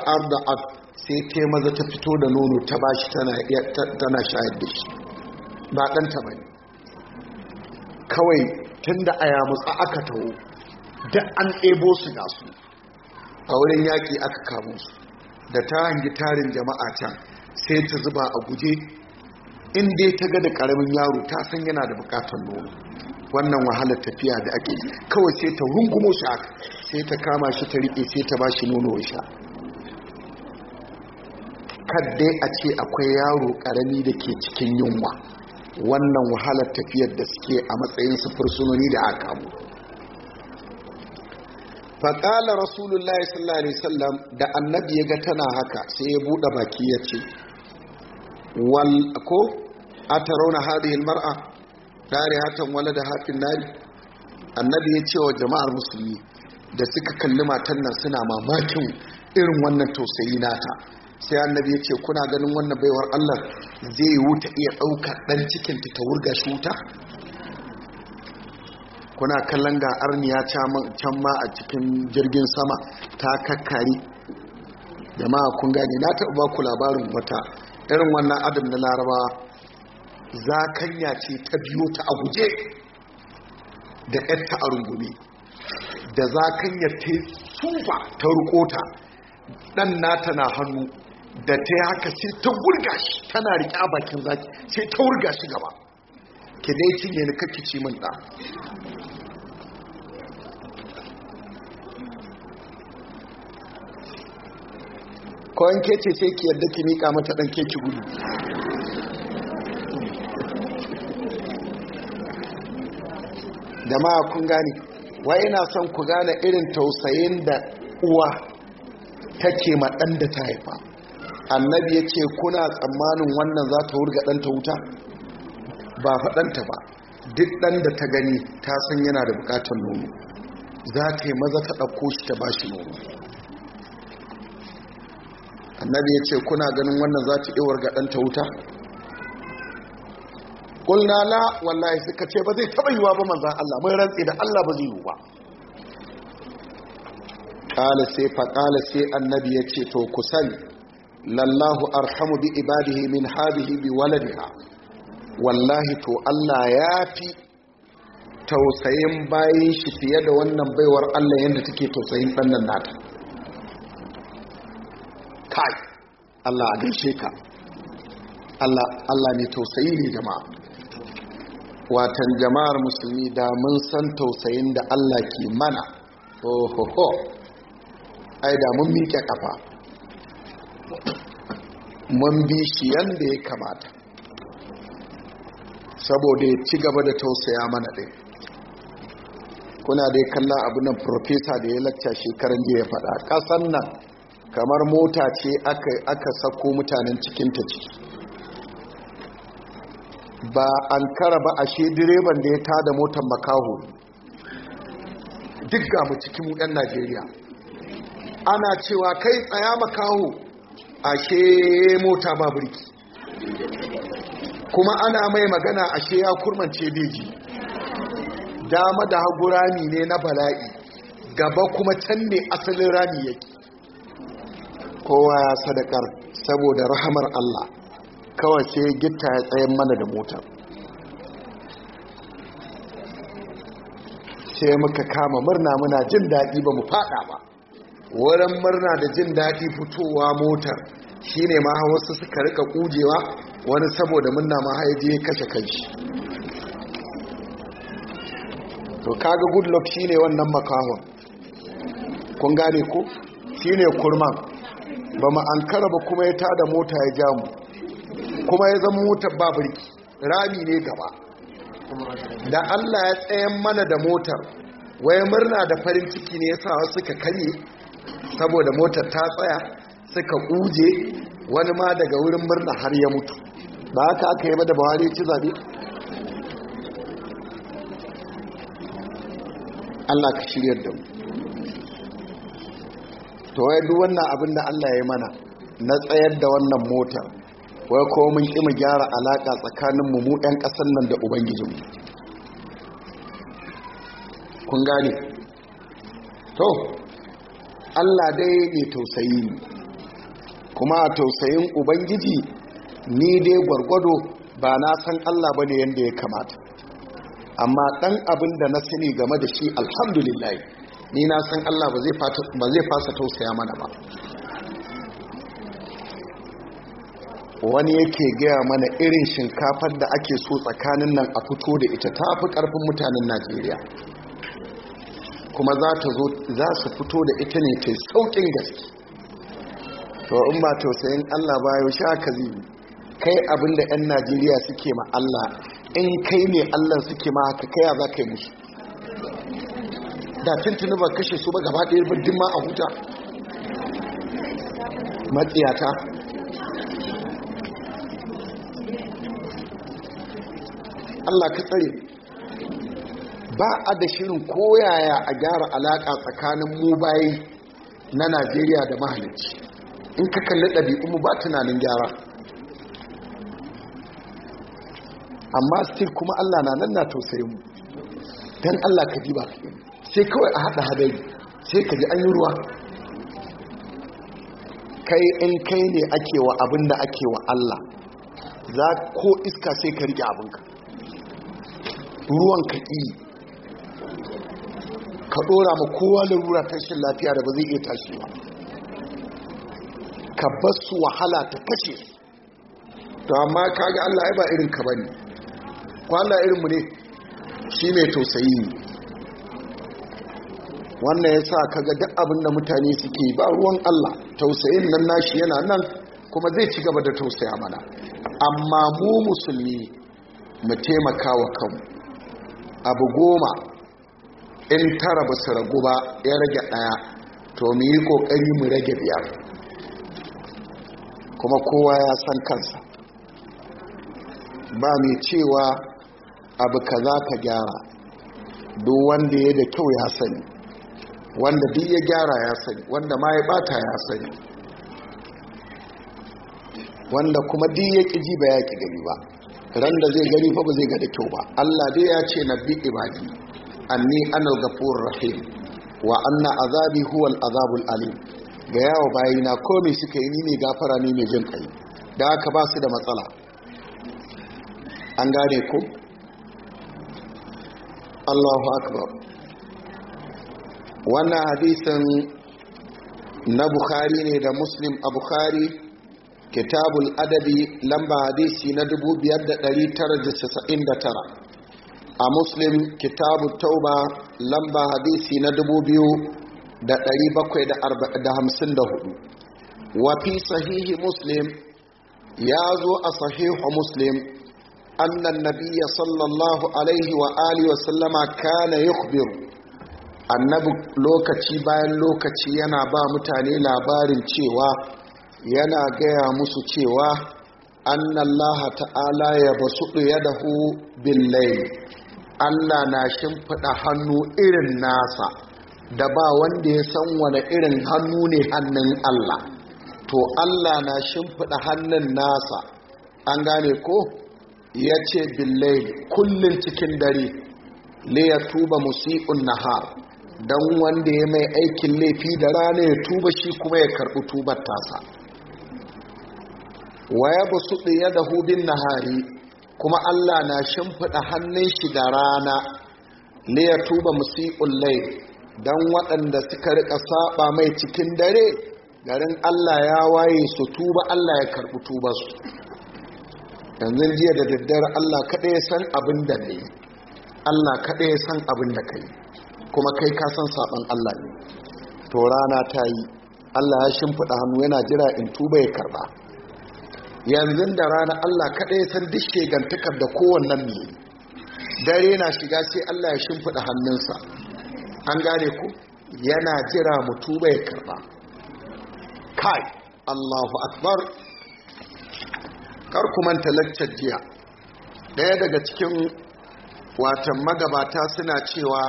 sai ke maza ta fito da nono ta ba shi tana shayar da shi ba ɗanta ba kawai tun da a yamutsa aka taho da an ɗebo su da su a wurin yaƙi aka kamo su da ta hangi tarin jama'a can sai ta zuba a guje inda ta ga da ƙaramin yaro ta san yana da buƙatar nono wannan wahalar tafiya da ake kawai sai ta rungumo shi aka sai ta kama shi ta riƙe sai ta ba shi nono wa sha dai a ce akwai yaro karami da ke cikin yunwa wannan wahalar tafiyar da suke a matsayin su fursunoni da aka mu faƙalar rasulullahi sallallahu alaihi wasallam da annabi ya ga tana haka sai ya buɗe baki ya ce ko a tarauna hadhihi almar'a dari hatan wala da hafin nari annabi ya ce wa jama'ar musulmi da suka kalli matan nan suna mamakin irin wannan tausayi nata sai annabi ya ce kuna ganin wannan baiwar allah zai wuta iya ɗaukar ɗan cikin ta wurga shi wuta kuna kallon ga arniya can ma a cikin jirgin sama ta kakkari jama'a kun gane na taɓa ba ku labarin wata irin wannan adam na laraba za kanya ce ta biyo ta a guje da ta a rungume da za kanya ta yi tsufa ta rukota ɗan nata na hannu da ta yi haka sai ta wurga shi tana riƙe a bakin zaki sai ta wurga shi gaba ki dai cinye ni kake ci min ɗa kawai kece sai ki yadda ki miƙa mata ɗan keki gudu da ma kun gane wai ina son ku gane irin tausayin da uwa take maɗan da ta haifa annabi ya ce kuna tsammanin wannan za ta wurga ɗanta wuta ba faɗanta ba duk ɗan da ta gani ta san yana da buƙatar nono za ta yi maza ta ɗauko shi ta ba shi nono annabi ya ce kuna ganin wannan za ta iwar ga ɗanta wuta ƙulnala wallahi suka ce ba zai taɓa yiwa ba manzan Allah mai rantsi da Allah ba zai yi ba ƙala sai ƙala sai annabi ya ce to ku sani lallahu arhamu bi ibadihi min hadihi bi waladiha wallahi to Allah ya fi tausayin bayan shi fiye da wannan baiwar Allah yadda take tausayin ɗannan nata kai Allah a gaishe ka Allah ne tausayi ne jama'a watan jama'ar musulmi da mun san tausayin da Allah ke mana ho ho ho ai da mun miƙe kafa mun bi shi yadda ya kamata saboda ya ci gaba da tausaya mana ɗin kuna dai kallon abu nan profesa da ya lacca shekaran jiya faɗa ƙasan nan kamar mota ce aka sako mutanen cikinta ciki ba an kara ba ashe direban da ya tada motar makaho duk ga mu cikin ɗan najeriya ana cewa kai tsaya makaho ashe mota ba birki kuma ana mai magana ashe ya kurmance beji dama da hagu rami ne na bala'i gaba kuma can ne asalin rami yake kowa ya sadakar saboda rahamar Allah kawai sai gitta ya tsayen mana da mota sai muka kama murna muna jin daɗi ba mu fada ba wurin murna da jin daɗi fitowa motar shi ne ma wasu suka rika kujewa wani saboda murna ma kashe kanshi to kaga good luck shi ne wannan makahon kun gane ko shi ne kurman ba ma'ankara ba kuma ya tada mota ya jamu kuma ya zama motar ba birki rami ne gaba da allah ya tsayan mana da motar waya murna da farin ciki ne ya sa wasu ka karye saboda motar ta tsaya suka uje wani ma daga wurin murna har ya mutu ba haka aka yi da buhari ci zaɓe allah ka shiryar da mu to wai duk wannan abin da allah ya mana na tsayar da wannan motar wai ko mun ƙi mu gyara alaƙa tsakaninmu mu 'yan ƙasar nan da ubangijinmu kun gane to Allah dai mai tausayi ne kuma tausayin ubangiji ni dai gwargwado ba na san Allah bane yadda ya kamata amma ɗan abin da na sani game da shi alhamdulillah ni na san Allah ba zai fasa tausaya mana ba wani yake gaya mana irin shinkafar da ake so tsakanin nan a fito da ita ta fi ƙarfin mutanen najeriya kuma za ta zo za su fito da ita ne ta saukin gaske to in ba tausayin Allah ba yau sha ka zi kai abinda 'yan Najeriya suke ma Allah in kai ne Allah suke ma haka kai za ka yi musu da tuntuni ba kashe su ba gaba ɗaya birnin ma a huta matsiyata Allah ka tsare ba a da shirin koyaya a gyara alaƙa tsakanin mu bayi na najeriya da mahalicci in ka kalli ɗabi'unmu ba tunanin gyara amma still kuma allah na nan na tausayi mu don allah ka ji ba sai kawai a haɗa hadari sai ka ji an yi ruwa kai in kai ne ake wa abin da ake wa allah za ko iska sai ka riƙe abinka ruwan ka ƙi ka dora ma kowa larura ta tashin lafiya da ba zai iya tashi ba ka bar su wahala ta kashe to amma kaga Allah ya ba irin ka bane ko Allah irin mu ne shi mai tausayi ne wannan yasa kaga duk abin da mutane suke ba ruwan Allah tausayin nan nashi yana nan kuma zai ci gaba da tausaya mana amma mu musulmi mu taimaka wa kanmu abu goma in tara ba su ragu ba ya rage ɗaya to mu yi ƙoƙari mu rage biyar kuma kowa ya san kansa ba mai cewa abu ka za ka gyara duk wanda ya da kyau ya sani wanda duk ya gyara ya sani wanda ma ya bata ya sani wanda kuma duk ya ƙiji ba ya ƙi gari ba randa zai gari fa ba zai ga da kyau ba allah dai ya ce na bi ibadi anni anal gafur rahim wa anna azabi huwa azabul alim ga yawo bayina komai suka yi ni ne gafara ne mai jin kai da aka ba su da matsala an gane ku? Allahu akbar wannan hadisin na bukhari ne da muslim a bukhari kitabul adabi lamba hadisi na tara. a muslim kitabu tauba lamba hadisi na dubu biyu da da da bakwai hamsin wa wafi sahihi muslim ya zo a sahihu muslim annan nabiya sallallahu alaihi wa alihi wasallama kana yukhbiru annabi lokaci bayan lokaci yana ba mutane labarin cewa yana gaya musu cewa Laha ta'ala ya basu ya dahu billahi Allah na shimfiɗa hannu irin nasa da ba wanda ya san wani irin hannu ne hannun Allah to Allah na shimfiɗa hannun nasa an gane ko ya ce billai kullum cikin dare le ya tuba musi'un nahar don wanda ya mai aikin laifi da rana ya tuba shi kuma ya karɓi tubar tasa waya ba su ɗaya da hudin nahari kuma Allah na shimfiɗa hannun shi da rana ne ya tuba musiƙun lai don waɗanda suka riƙa saba mai cikin dare garin Allah ya waye su tuba Allah ya karɓi tubarsu yanzu jiya da daddare Allah kaɗai ya san abin da ne Allah kaɗai ya san abin da kai kuma kai ka san saɓan Allah ne to rana ta yi Allah ya shimfiɗa hannu yana jira in tuba ya karɓa yanzu da rana Allah kaɗai san duk gantakar da kowannan ne dare na shiga sai Allah ya shimfiɗa hannunsa an gane ku yana jira mutu bai karɓa kai Allahu akbar kar ku laccar jiya Daya daga cikin watan magabata suna cewa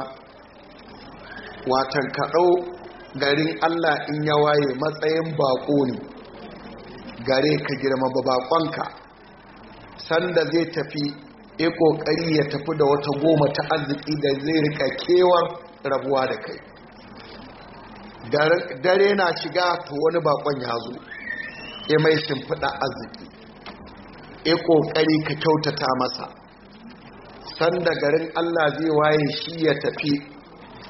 watan kaɗau garin Allah in ya waye matsayin baƙo ne gare ka girma ba bakonka sanda zai tafi ya kokari ya tafi da wata goma ta arziki da zai rika kewar rabuwa da kai dare na shiga to wani bakon ya zo ya mai shimfiɗa arziki e kokari ka kyautata masa sanda garin allah zai waye shi ya tafi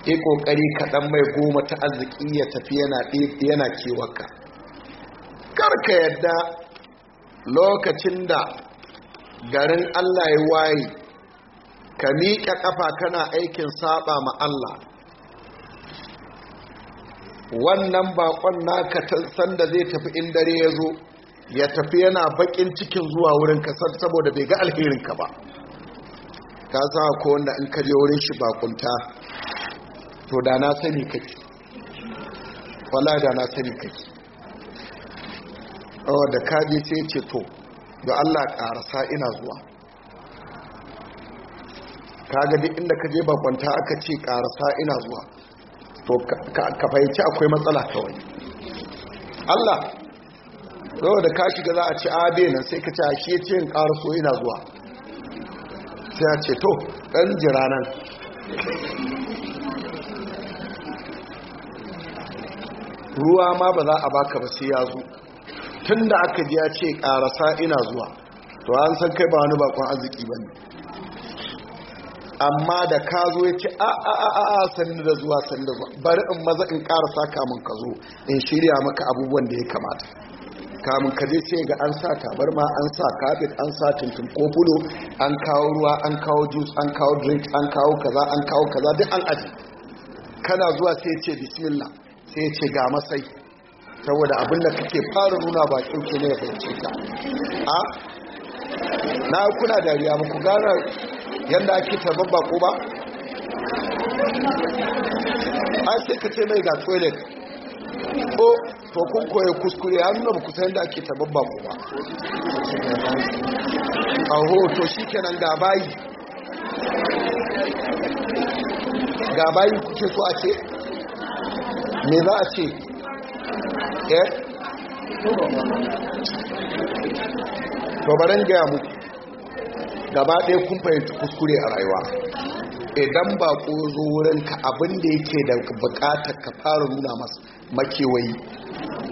ya kokari ka dan mai goma ta arziki ya tafi yana kewarka karka yadda lokacin da garin allah ya waye ka miƙa ƙafa kana aikin saba ma allah wannan bakon naka sanda zai tafi in dare ya zo ya tafi yana bakin cikin zuwa wurin kasar saboda bai ga alherinka ba ka sa ko wanda in je wurin shi bakunta to da na sani kake wala da na sani kake da kaje sai ce to da Allah karasa ina zuwa kaga duk inda ka je bakwanta aka ce karasa ina zuwa to ka fahimci akwai matsala kawai Allah yau da ka shiga za a ci abe nan sai ka ce a shi ce karaso ina zuwa sai a ce to ɗan jira nan ruwa ma ba za a baka ba sai ya zo tun da aka ji ya ce ƙarasa ina zuwa to an san kai ba wani bakon arziki ba ne amma da ka zo ya ce a a a a sannu da zuwa sannu da zuwa bari in maza in ƙarasa kamun ka zo in shirya maka abubuwan da ya kamata kamun ka je ce ga an sa ma, an sa kafet an sa tuntun ko bulo an kawo ruwa an kawo juice an kawo drink an kawo kaza an kawo kaza duk an aji kana zuwa sai ce bismillah sai ce ga masai saboda da kake fara nuna ba kyauke ne ya fahimce ka a na kuna dariya muku gara yadda ake tarbar bako ba a sai ka ce mai ga toilet ko to kun koya kuskure ya nuna ba kusa yadda ake tarbar bako ba a hoto shi kenan ga bayi ga bayi kuke so a ce me za a ce eh to gaya muku gaba ɗaya kun fahimci kuskure a rayuwa idan ba ko zo wurinka abinda yake da bukatar ka fara nuna masu makewayi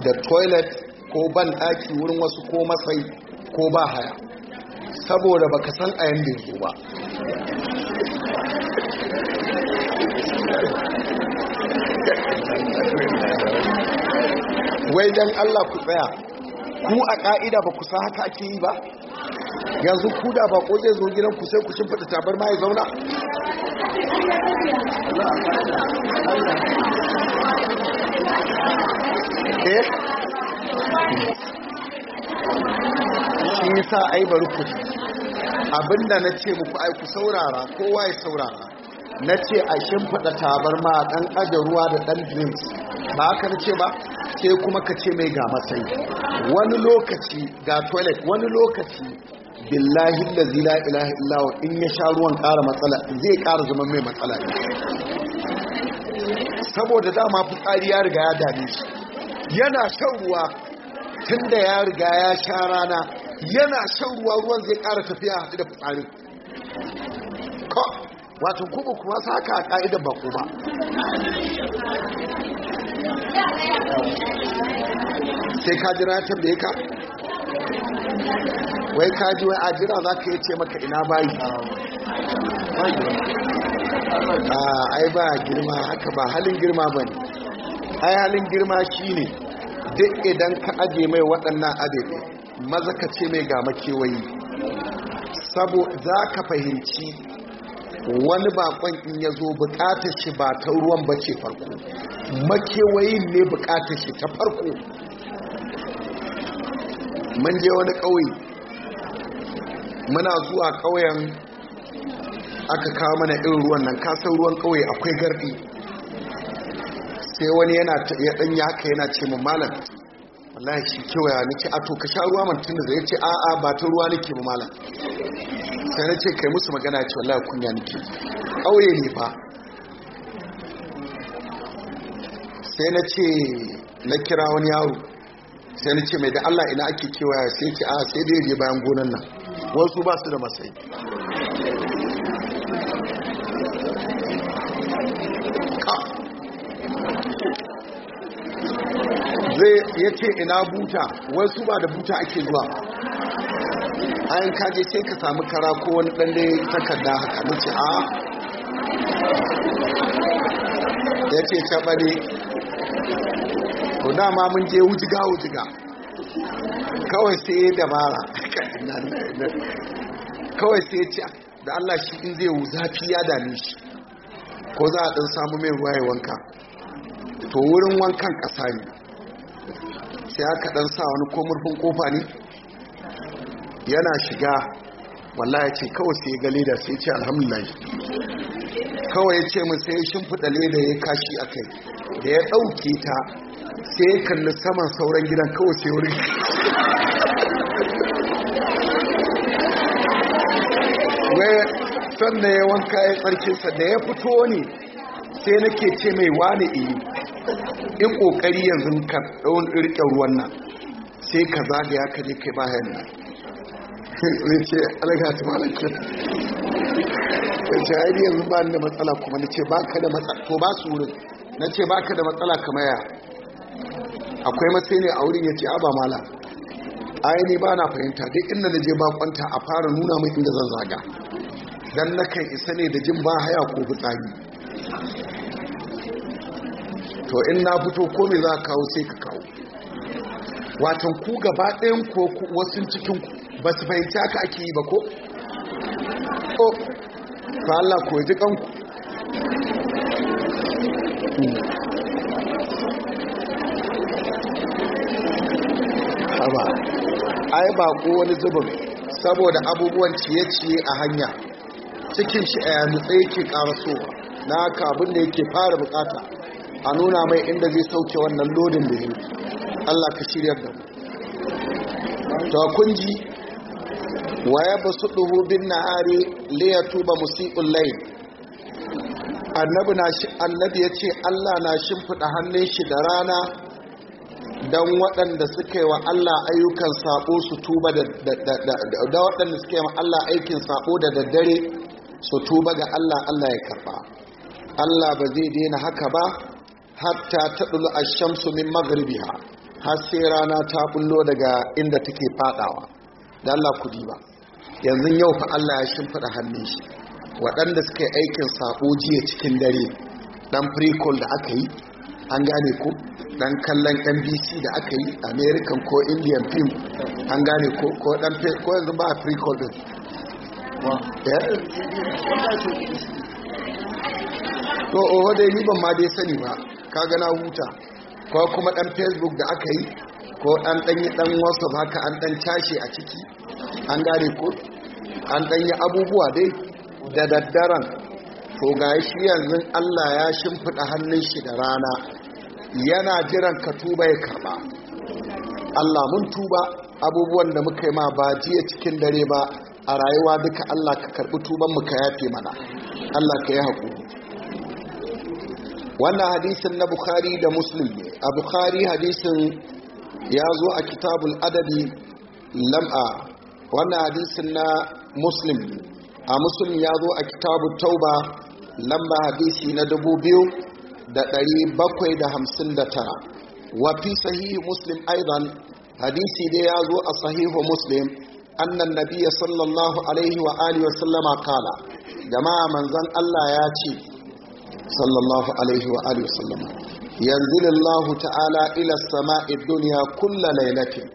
da toilet ko ban ɗaki wurin wasu ko masai ko ba haya saboda baka san a yanda yanzu ba wai don Allah ku tsaya ku a ka'ida ba ku sa haka ake yi ba yanzu ku da bako zai zo gidan ku sai ku shimfida tabar ma ya zauna eh shi sa ai bari ku abinda na ce muku ai ku saurara kowa ya saurara na ce a tabar tabarma a ɗan ajiyar ruwa da ɗan drinks ba haka na ce ba sai kuma ka ce mai ga matsayi wani lokaci ga toilet wani lokaci billahi da la ilaha illawa in ya sha ruwan ƙara matsala zai ƙara zama mai matsala saboda dama fitsari ya riga ya dame shi yana shan ruwa tun da ya riga ya sha rana yana shan ruwa ruwan zai ƙara tafiya haɗu da fitsari wato kuma kuma sa haka a ƙa'idar bako ba sai ka jira ya ka wai ka ji wai a jira za ka yi ce maka ina bayi a ai ba girma haka ba halin girma ba ne ai halin girma shi ne duk idan ka aje mai waɗannan adadi maza ka ce mai ga makewayi sabo za ka fahimci wani bakon in ya zo bukatar shi ba ta ruwan ba ce farko makewayin ne bukatar shi ta farko mun je wani ƙauye muna zuwa ƙauyen aka kawo mana irin ruwan nan kasar ruwan ƙauye akwai garɗi sai wani yana ya ɗanyi haka yana ce mu malam wallahi shi kewaya nake a to ka sha ruwa mantin da zai ce a'a ba ta ruwa nake mu malam sai na ce kai musu magana ce wallahi kunya nake aure ne fa sai na ce na kira wani yaro sai na ce mai da Allah ina ake kewaya sai ce a sai dai je bayan gonan nan wasu ba su da matsayi zai ya ce ina buta wasu ba da buta ake zuwa bayan kaje sai ka samu kara ko wani ɗanɗe takarda haka na a ah. ya ce caɓare ko dama mun je wujiga wujiga kawai sai dabara kawai sai ce da Allah shi in zai wu zafi ya dame shi ko za a ɗan samu mai ruwa ya wanka to wurin wankan ƙasa ne sai aka ɗan sa wani ko kofa ƙofa ne yana shiga wallah ya ce kawai sai ga leda sai ce alhamdulillah kawai ya ce mun sai ya shimfiɗa leda ya kashi a kai da ya ɗauke ta sai ya kalli saman sauran gidan kawai sai wurin sannan ya wanka ya tsarkinsa da ya fito ne sai nake ce mai wane iri, in ƙoƙari yanzu ka ɗaun riƙe ruwan nan sai ka zagaya ka je kai bayan nan zai ce alaga ta malaki ya ce haini yanzu ba da matsala kuma na ce ba ka da matsala to ba su wurin na ce baka da matsala kama ya akwai matsayi ne a wurin ya ce aba mala aini ba na fahimta duk inda da je bakonta a fara nuna mai inda zan zaga don na kan isa ne da jin ba haya ko fitsari to in na fito ko me za ka kawo sai ka kawo watan ku gaba ɗayan ko wasu cikinku ba su fahimci haka ake yi ba ko? oh Ba Allah ko ji kanku haba ai ba ko wani zubin saboda abubuwan ciye-ciye a hanya cikin shi a yanzu yake karasowa na haka abin da yake fara bukata a nuna mai inda zai sauke wannan lodin da yi Allah ka shirya da mu da kunji wa ya basu ɗuhu bin na'ari liya tuba musi'ul lai annabi ya ce allah na shimfiɗa hannun shi da rana don waɗanda suka yi wa allah ayyukan saɓo su tuba da waɗanda suka wa allah aikin saɓo da daddare su tuba ga allah allah ya karɓa allah ba zai daina haka ba hatta ta ɗulu a shamsu min magribiya har sai rana ta bullo daga inda take faɗawa da Allah ku diba yanzu yau fa Allah ya shimfida hannun shi waɗanda suka yi aikin sabo jiya cikin dare dan pre-call da aka yi an gane ko dan kallon nbc da aka yi american ko indian film an gane ko ko dan ko yanzu ba pre-call din eh? to oho dai ni ban ma dai sani ba ka gana huta ko kuma dan facebook da aka yi ko an yi ɗan wasu haka an ɗan cashe a ciki an gare ko an abubuwa dai da daddaren to ga shi yanzu allah ya shimfiɗa hannun shi da rana yana jiran ka tuba ya karɓa allah mun tuba abubuwan da muka yi ma ba jiya cikin dare ba a rayuwa duka allah ka karɓi tuban mu ka yafe mana allah ka yi haƙuri wannan hadisin na bukhari da muslim a bukhari hadisin ya zo a kitabul adadi lam'a wannan hadisin na muslim a muslim ya zo a kitabul tauba lamba hadisi na dubu biyu da da da bakwai hamsin tara. wafi sahihi muslim aidan hadisi dai ya zo a sahihu muslim annan nabiya sallallahu alaihi wa alihi wa sallama kala jama'a manzan allah ya ce sallallahu alaihi wa alihi wa sallama yanzilillahu ta'ala ila sama'i duniya kulla lailatin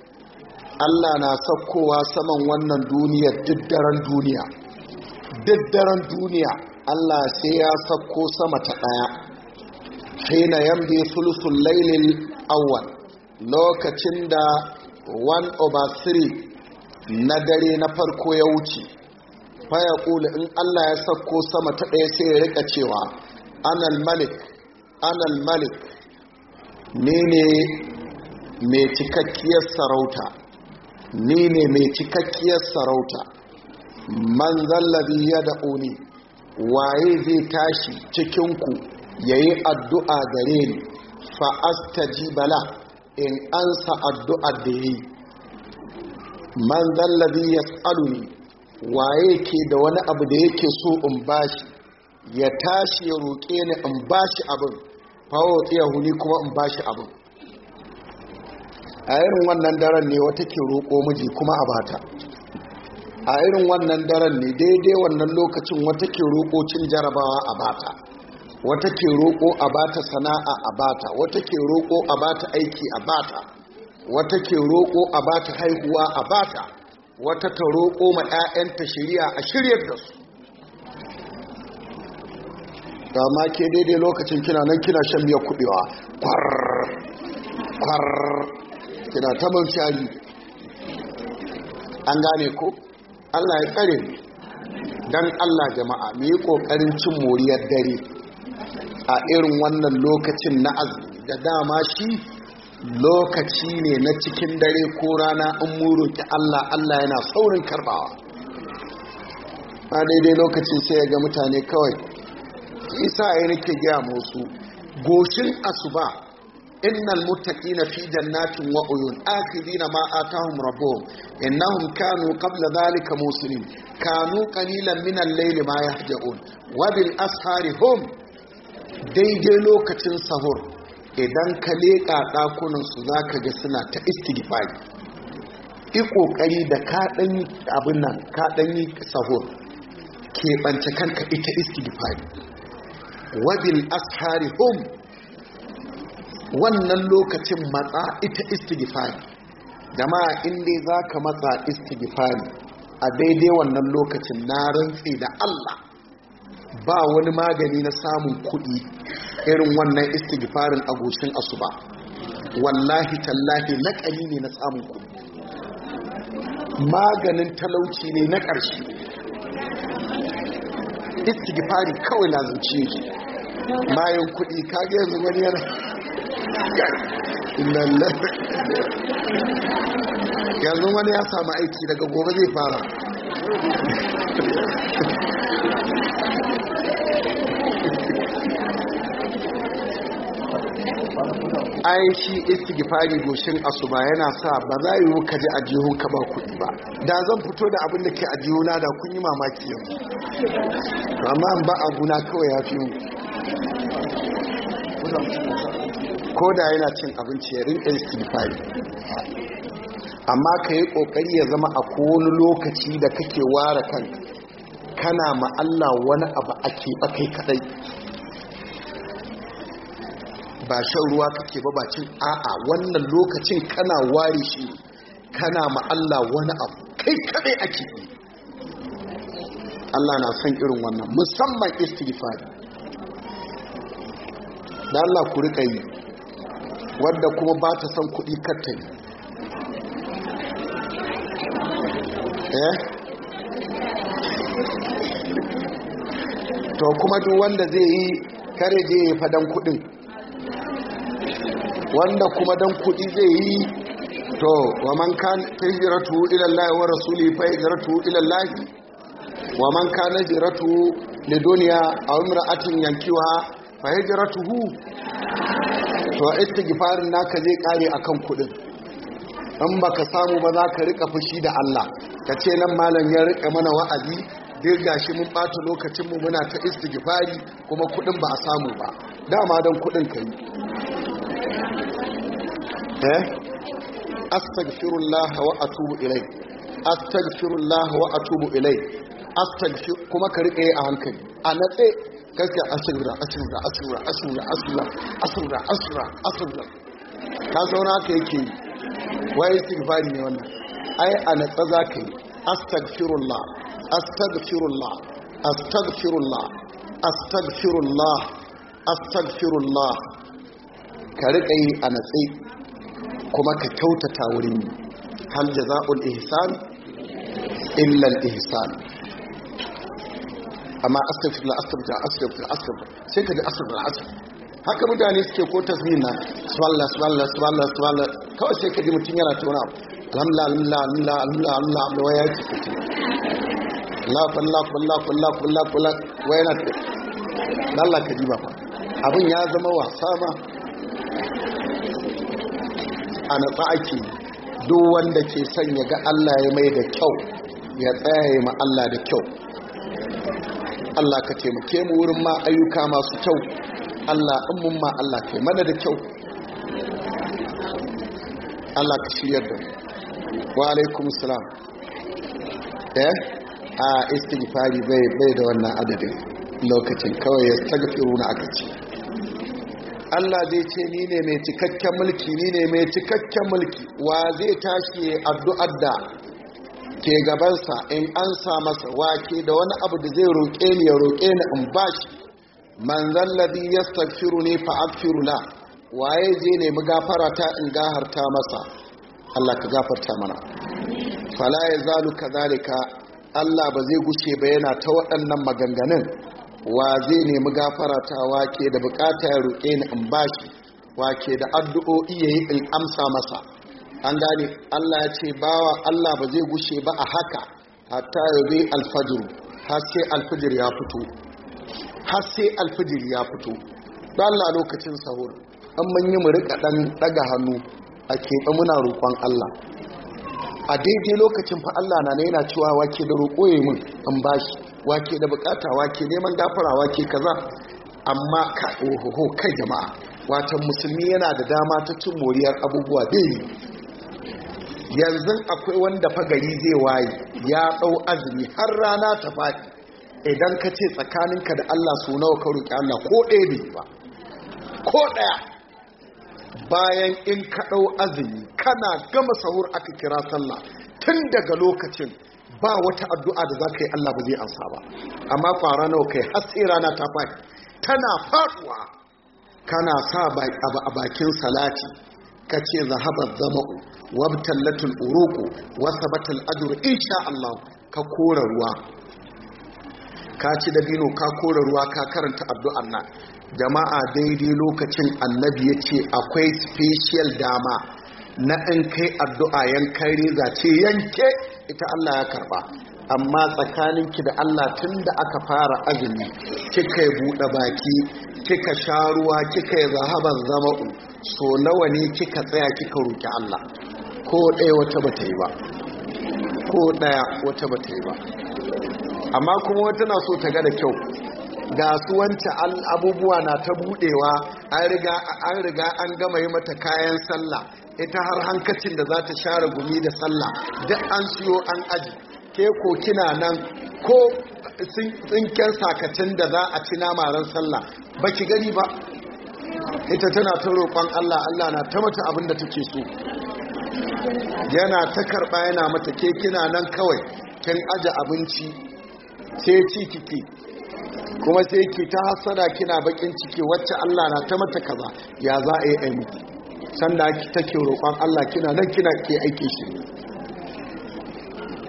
Allah na sakkowa saman wannan duniya diddaren duniya diddaren duniya Allah sai ya sakko sama ta daya hina yambi thuluthul laylil awwal lokacin da 1 over 3 na dare na farko ya wuce faya kula in Allah ya sakko sama ta daya sai ya rika cewa anal malik anal malik ni ne mai cikakkiyar sarauta ni ne mai cikakkiyar sarauta man zallabi ya da'uni waye zai tashi cikinku ya yi addu'a gare ni fa'asta jibala in ansa addu'a da yi man zallabi ya ne waye ke da wani abu da yake so in bashi ya tashi ya roƙe ni in bashi abin fawo tsiyahu ni kuma in bashi abin a irin wannan daren ne wata ke roƙo miji kuma a bata a irin wannan daren ne daidai wannan lokacin wata ke roƙo cin jarabawa a bata wata ke roƙo a bata sana'a a bata wata ke roƙo a bata aiki a bata wata ke roƙo a bata haihuwa a bata wata ta roƙo ma 'ya'yanta shirya a shiryar da su da ma ke daidai lokacin kina nan kina shan biyar kubewa kwar kwar kina ta shari an gane ko allah ya tsare don dan allah jama'a mai yi kokarin cin moriyar dare a irin wannan lokacin na da dama shi lokaci ne na cikin dare ko rana in muro ki allah allah yana saurin karbawa a daidai lokacin sai ya ga mutane kawai isa ya nake gaya musu goshin asuba innal muttaqina fi jannatin wa uyun akhidina ma atahum rabbuhum innahum kanu qabla dhalika muslimin kanu qalilan min al-layli ma yahja'un wa bil ashari hum daidai lokacin sahur idan ka leƙa ɗakunan su zaka ga suna ta istighfari Iko ƙari da ka yi abin nan ka yi sahur keɓance kanka ita istighfari wabil ashari hum wannan lokacin matsa ita istighfari jama'a in za ka matsa istigifari a daidai wannan lokacin na rantsi da Allah ba wani magani na samun kuɗi irin wannan istighfarin a goshin asuba wallahi tallahi naƙali ne na samun kuɗi maganin talauci ne na ƙarshe istighfari kawai na zuci bayan kudi kage yanzu wani yana yanzu wani ya samu aiki daga gobe zai fara ai shi istighfari goshin asuba yana sa ba za yi ka ji ajihun ka ba kuɗi ba da zan fito da abin da ke ajihuna da kun yi mamaki yau amma ba a guna kawai ya fi ko da yana cin abinci ya rinka istighfari amma ka yi ƙoƙari ya zama a kowane lokaci da kake ware kanka kana ma Allah wani abu ake bakai kadai ba shan ruwa kake ba ba cin a'a wannan lokacin kana ware shi kana ma'alla wani abu kai kadai a yi Allah na son irin wannan musamman istighfari da Allah ku rika yi wadda kuma ba ta son kuɗi katta yi eh to kuma duk wanda zai yi kare je ya fadan kuɗin wanda kuma dan kudi zai yi to wa man kan hijratu ila Allah wa rasuli fa hijratu ila Allah wa man kana hijratu lidunya aw imra'atin yankiwa fa hijratuhu to istighfarin naka zai kare akan kudin in baka samu ba za ka rika fushi da Allah ka ce nan malam ya rika mana wa'azi dai gashi mun bata lokacin mu muna ta istighfari kuma kudin ba a samu ba dama dan kudin kai astaghfirullah wa atubu ilai wa atubu ilai kuma ka rike a hankali a natse kaske asura asura asura asura asura asura asura asura ka zauna ka yake yi waye istighfari ne wannan ai a natsa za ka yi astaghfirullah astaghfirullah astaghfirullah astaghfirullah astaghfirullah ka rike yi a natse kuma ka kyautata wurin yi hal jaza'ul ihsan illa al ihsan amma astaghfirullah astaghfirullah astaghfirullah astaghfirullah sai ka ji astaghfirullah astaghfirullah haka mutane suke ko tasbih na subhanallah subhanallah subhanallah kawai sai ka ji mutum yana tona abu alhamdulillah alhamdulillah alhamdulillah alhamdulillah waya ci kuci Allah Allah Allah Allah Allah Allah waya na Allah ka ji ba abin ya zama wasa ba. a natsa ake duk wanda ke son ya ga Allah ya mai da kyau ya tsaye ma Allah da kyau Allah ka taimake mu wurin ma ayyuka masu kyau Allah in mun ma Allah kai mana da kyau Allah ka shiryar da wa alaikum salam eh a ah, istighfari bai bai da wannan adadin lokacin kawai ya tagfiruna aka ce Allah zai ce ni ne mai cikakken mulki ni ne mai cikakken mulki wa zai tashi addu'ar da ke gabansa in an sa masa wake da wani abu da zai roƙe ni ya roƙe ni in bashi man zalladi yastaghfiruni fa aghfiru la waye je ne mu gafarata in gaharta masa Allah ka gafarta mana fala yazalu kadhalika Allah ba zai gushe ba yana ta waɗannan maganganun wa zai nemi gafara ta wake da bukata ya roƙe ni in bashi wake da addu'o'i yayi in amsa masa an gane Allah ya ce bawa Allah ba zai gushe ba a haka hatta yi alfajr har sai alfajr ya fito har sai alfajr ya fito dan Allah lokacin sahur an mun yi mu rika dan daga hannu a keɓe muna roƙon Allah a daidai lokacin fa Allah na ne yana cewa wake da roƙo yayi mun in bashi wake da bukata wake neman gafara wake kaza amma ka ohoho kai jama'a watan musulmi yana da dama ta cin moriyar abubuwa dai yanzu akwai wanda fagari zai waye ya ɗau azumi har rana ta faɗi idan ka ce tsakaninka da Allah su nawa ka roki Allah ko ɗaya ne ba ko ɗaya bayan in ka ɗau azumi kana gama sahur aka kira sallah tun daga lokacin ba wata addu'a da za ka yi Allah ba zai ansa ba amma fara nawa kai har sai rana ta faɗi tana faɗuwa kana sa a bakin salati ka ce zahabar zama'u wabtallatul uruku wasa batal insha Allah ka kora ruwa ka ci dabino ka kora ruwa ka karanta addu'an nan jama'a daidai lokacin annabi ya ce akwai special dama na in kai addu'a yankan reza ce yanke ita Allah ya karba amma tsakaninki da Allah tunda aka fara azumi kika buɗe baki kika sha ruwa kika yi zahaban zama'u so nawa ne kika tsaya kika roki Allah ko ɗaya wata bata yi ba ko ɗaya wata bata yi ba amma kuma wata na so ta ga da kyau ga su abubuwa na ta buɗewa an riga an gama yi mata kayan sallah ita har hankacin da za ta share gumi da sallah duk an siyo an aji ke ko kina nan ko tsinken sakacin da za a ci namaran sallah ba ki gani ba ita tana ta roƙon Allah Allah na ta mata abin da take so yana ta karɓa yana mata ke kina nan kawai kin aje abinci sai ci kike kuma sai ki ta hasada kina bakin ciki wacce Allah na ta mata kaza ya za a yi aiki sanda take roƙon Allah kina nan kina ke aiki shi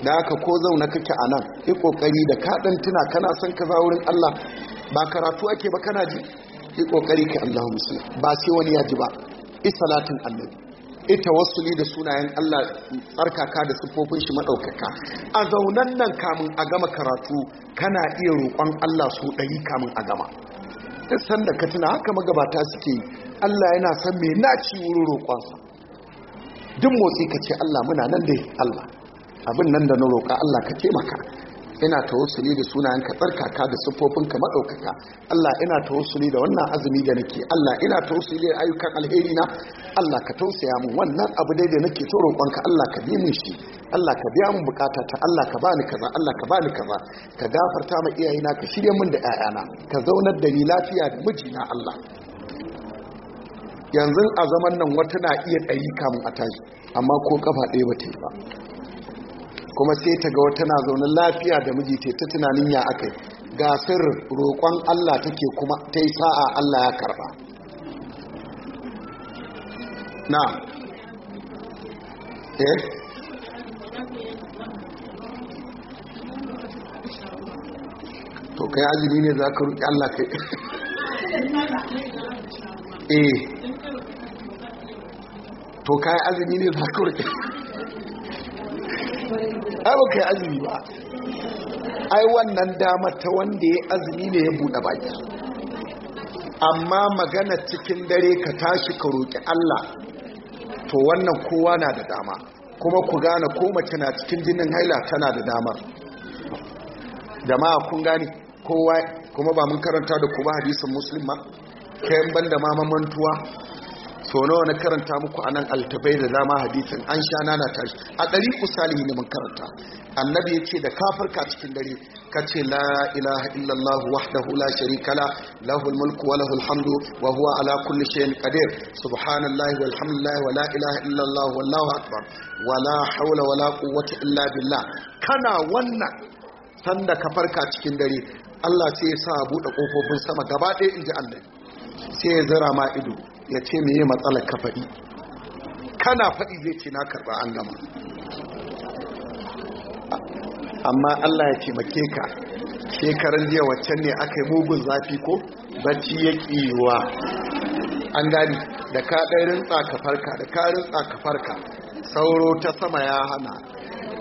da aka ko zauna kake a nan yi ƙoƙari da kaɗan tuna kana son ka za wurin Allah ba karatu ake ba kana ji yi ƙoƙari ka Allah musulun ba sai wani ya ji ba isalatin annabi ita wasu ne da sunayen Allah tsarkaka da siffofin shi maɗaukaka a zaunan nan kamun a gama karatu kana iya roƙon Allah su ɗari kamun a gama duk sanda ka tuna haka magabata suke yi Allah yana san me naci wurin roƙonsa duk motsi ka ce Allah muna nan dai Allah abin nan da na roƙa Allah ka taimaka ina tawassuli da sunayenka tsarkaka da siffofinka madaukaka Allah ina tawassuli da wannan azumi da nake Allah ina tawassuli da ayyukan alheri na Allah ka tausaya min wannan abu dai da nake to roƙonka Allah ka bi min shi Allah ka biya mu bukata ta Allah ka bani kaza Allah ka bani kaza ka gafarta ma iyayena ka shirye min da 'ya'yana ka zaunar da ni lafiya da miji mijina Allah yanzu a zaman nan wata na iya ɗari kamun a tashi amma ko kafa ɗaya ba ta yi ba kuma sai ta ga wata na zaune lafiya da miji ce ta tunanin ya akai ga sir roƙon Allah take kuma ta yi sa'a Allah ya karɓa. na eh to kai azumi ne za ka roƙi Allah kai <laughs> eh to kai azumi ne za ka roƙi ai ba kai azumi ba ai wannan dama ta wanda ya azumi ne ya buɗe baki amma magana cikin dare ka tashi ka roƙi Allah to wannan kowa na da dama kuma ku gane ko mace na cikin jinin haila tana da damar jama'a kun gane kowa kuma ba mun karanta da ku ba hadisin muslim kayan banda ma so nawa na karanta muku a nan altabai da dama hadisin an sha nana tashi a ɗari kusali ne mun karanta annabi ya ce da kafirka cikin dare ka ce la ilaha illallah wahdahu la sharika la lahul mulku wa lahul hamdu wa huwa ala kulli shay'in qadir subhanallahi walhamdulillahi wa la ilaha illallah wallahu akbar wa la hawla wa la quwwata illa billah kana wannan sanda ka farka cikin dare Allah sai ya sa buɗe ƙofofin sama gaba ɗaya inji Allah sai ya zara ma ido ya ce me yi matsalar ka faɗi kana faɗi zai ce na karɓa an gama amma allah ya taimake ka shekaran jiya waccan ne aka yi mugun zafi ko bacci ya wa? an gani da ka ɗairin tsakafarka da ka ɗairin tsakafarka sauro ta sama ya hana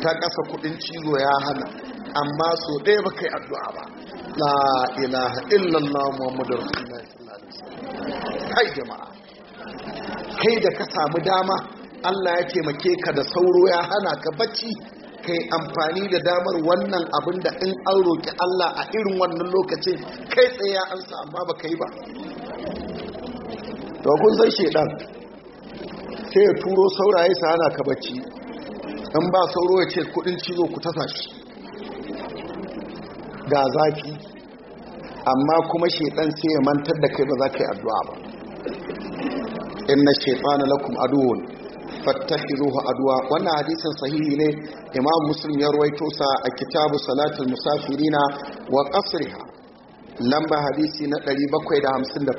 ta ƙasa kudin cizo ya hana amma so ɗaya ba yi addu'a ba la ilaha illallah muhammadu rasulullahi sallallahu alaihi wasallam kai jama'a kai da ka samu dama Allah ya taimake ka da sauro ya hana ka bacci kai amfani da damar wannan abin da in an roƙi Allah a irin wannan lokacin kai tsaye ya ansa amma ba kai yi ba to kun san shedan sai ya turo sauraye sa hana ka bacci in ba sauro ya ce kudin cizo ku tasa shi ga zafi amma kuma shedan sai ya mantar da kai ba za ka yi addu'a ba inna shaytana lakum aduwwun fattakhizuhu adwa wannan hadisin sahihi ne imam muslim ya ruwaito sa a kitabu salatul musafirina wa qasriha lamba hadisi na 758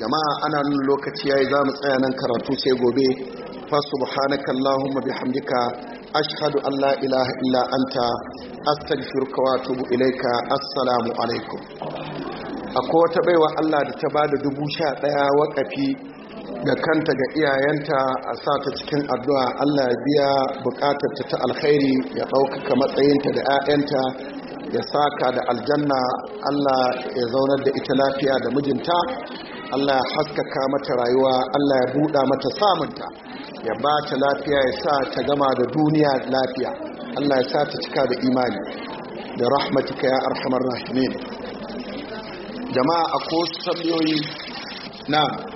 jama'a ana nuna lokaci yayi zamu tsaya nan karatu sai gobe fa subhanaka allahumma bihamdika ashhadu an la ilaha illa anta astaghfiruka wa atubu ilaika assalamu alaikum akwai wata baiwa Allah da ta bada dubu sha ɗaya wakafi da kanta ga iyayenta a sata cikin addu'a Allah ya biya bukatar ta ta alkhairi ya ɗaukaka matsayinta da 'ya'yanta ya saka da aljanna Allah ya zaunar da ita lafiya da mijinta Allah ya haskaka mata rayuwa Allah ya buɗa mata samunta ya ba ta lafiya ya sa ta gama da duniya lafiya Allah ya sa ta cika da imani da rahmatika ya arhamar rahimin jama'a a ko sabiyoyi na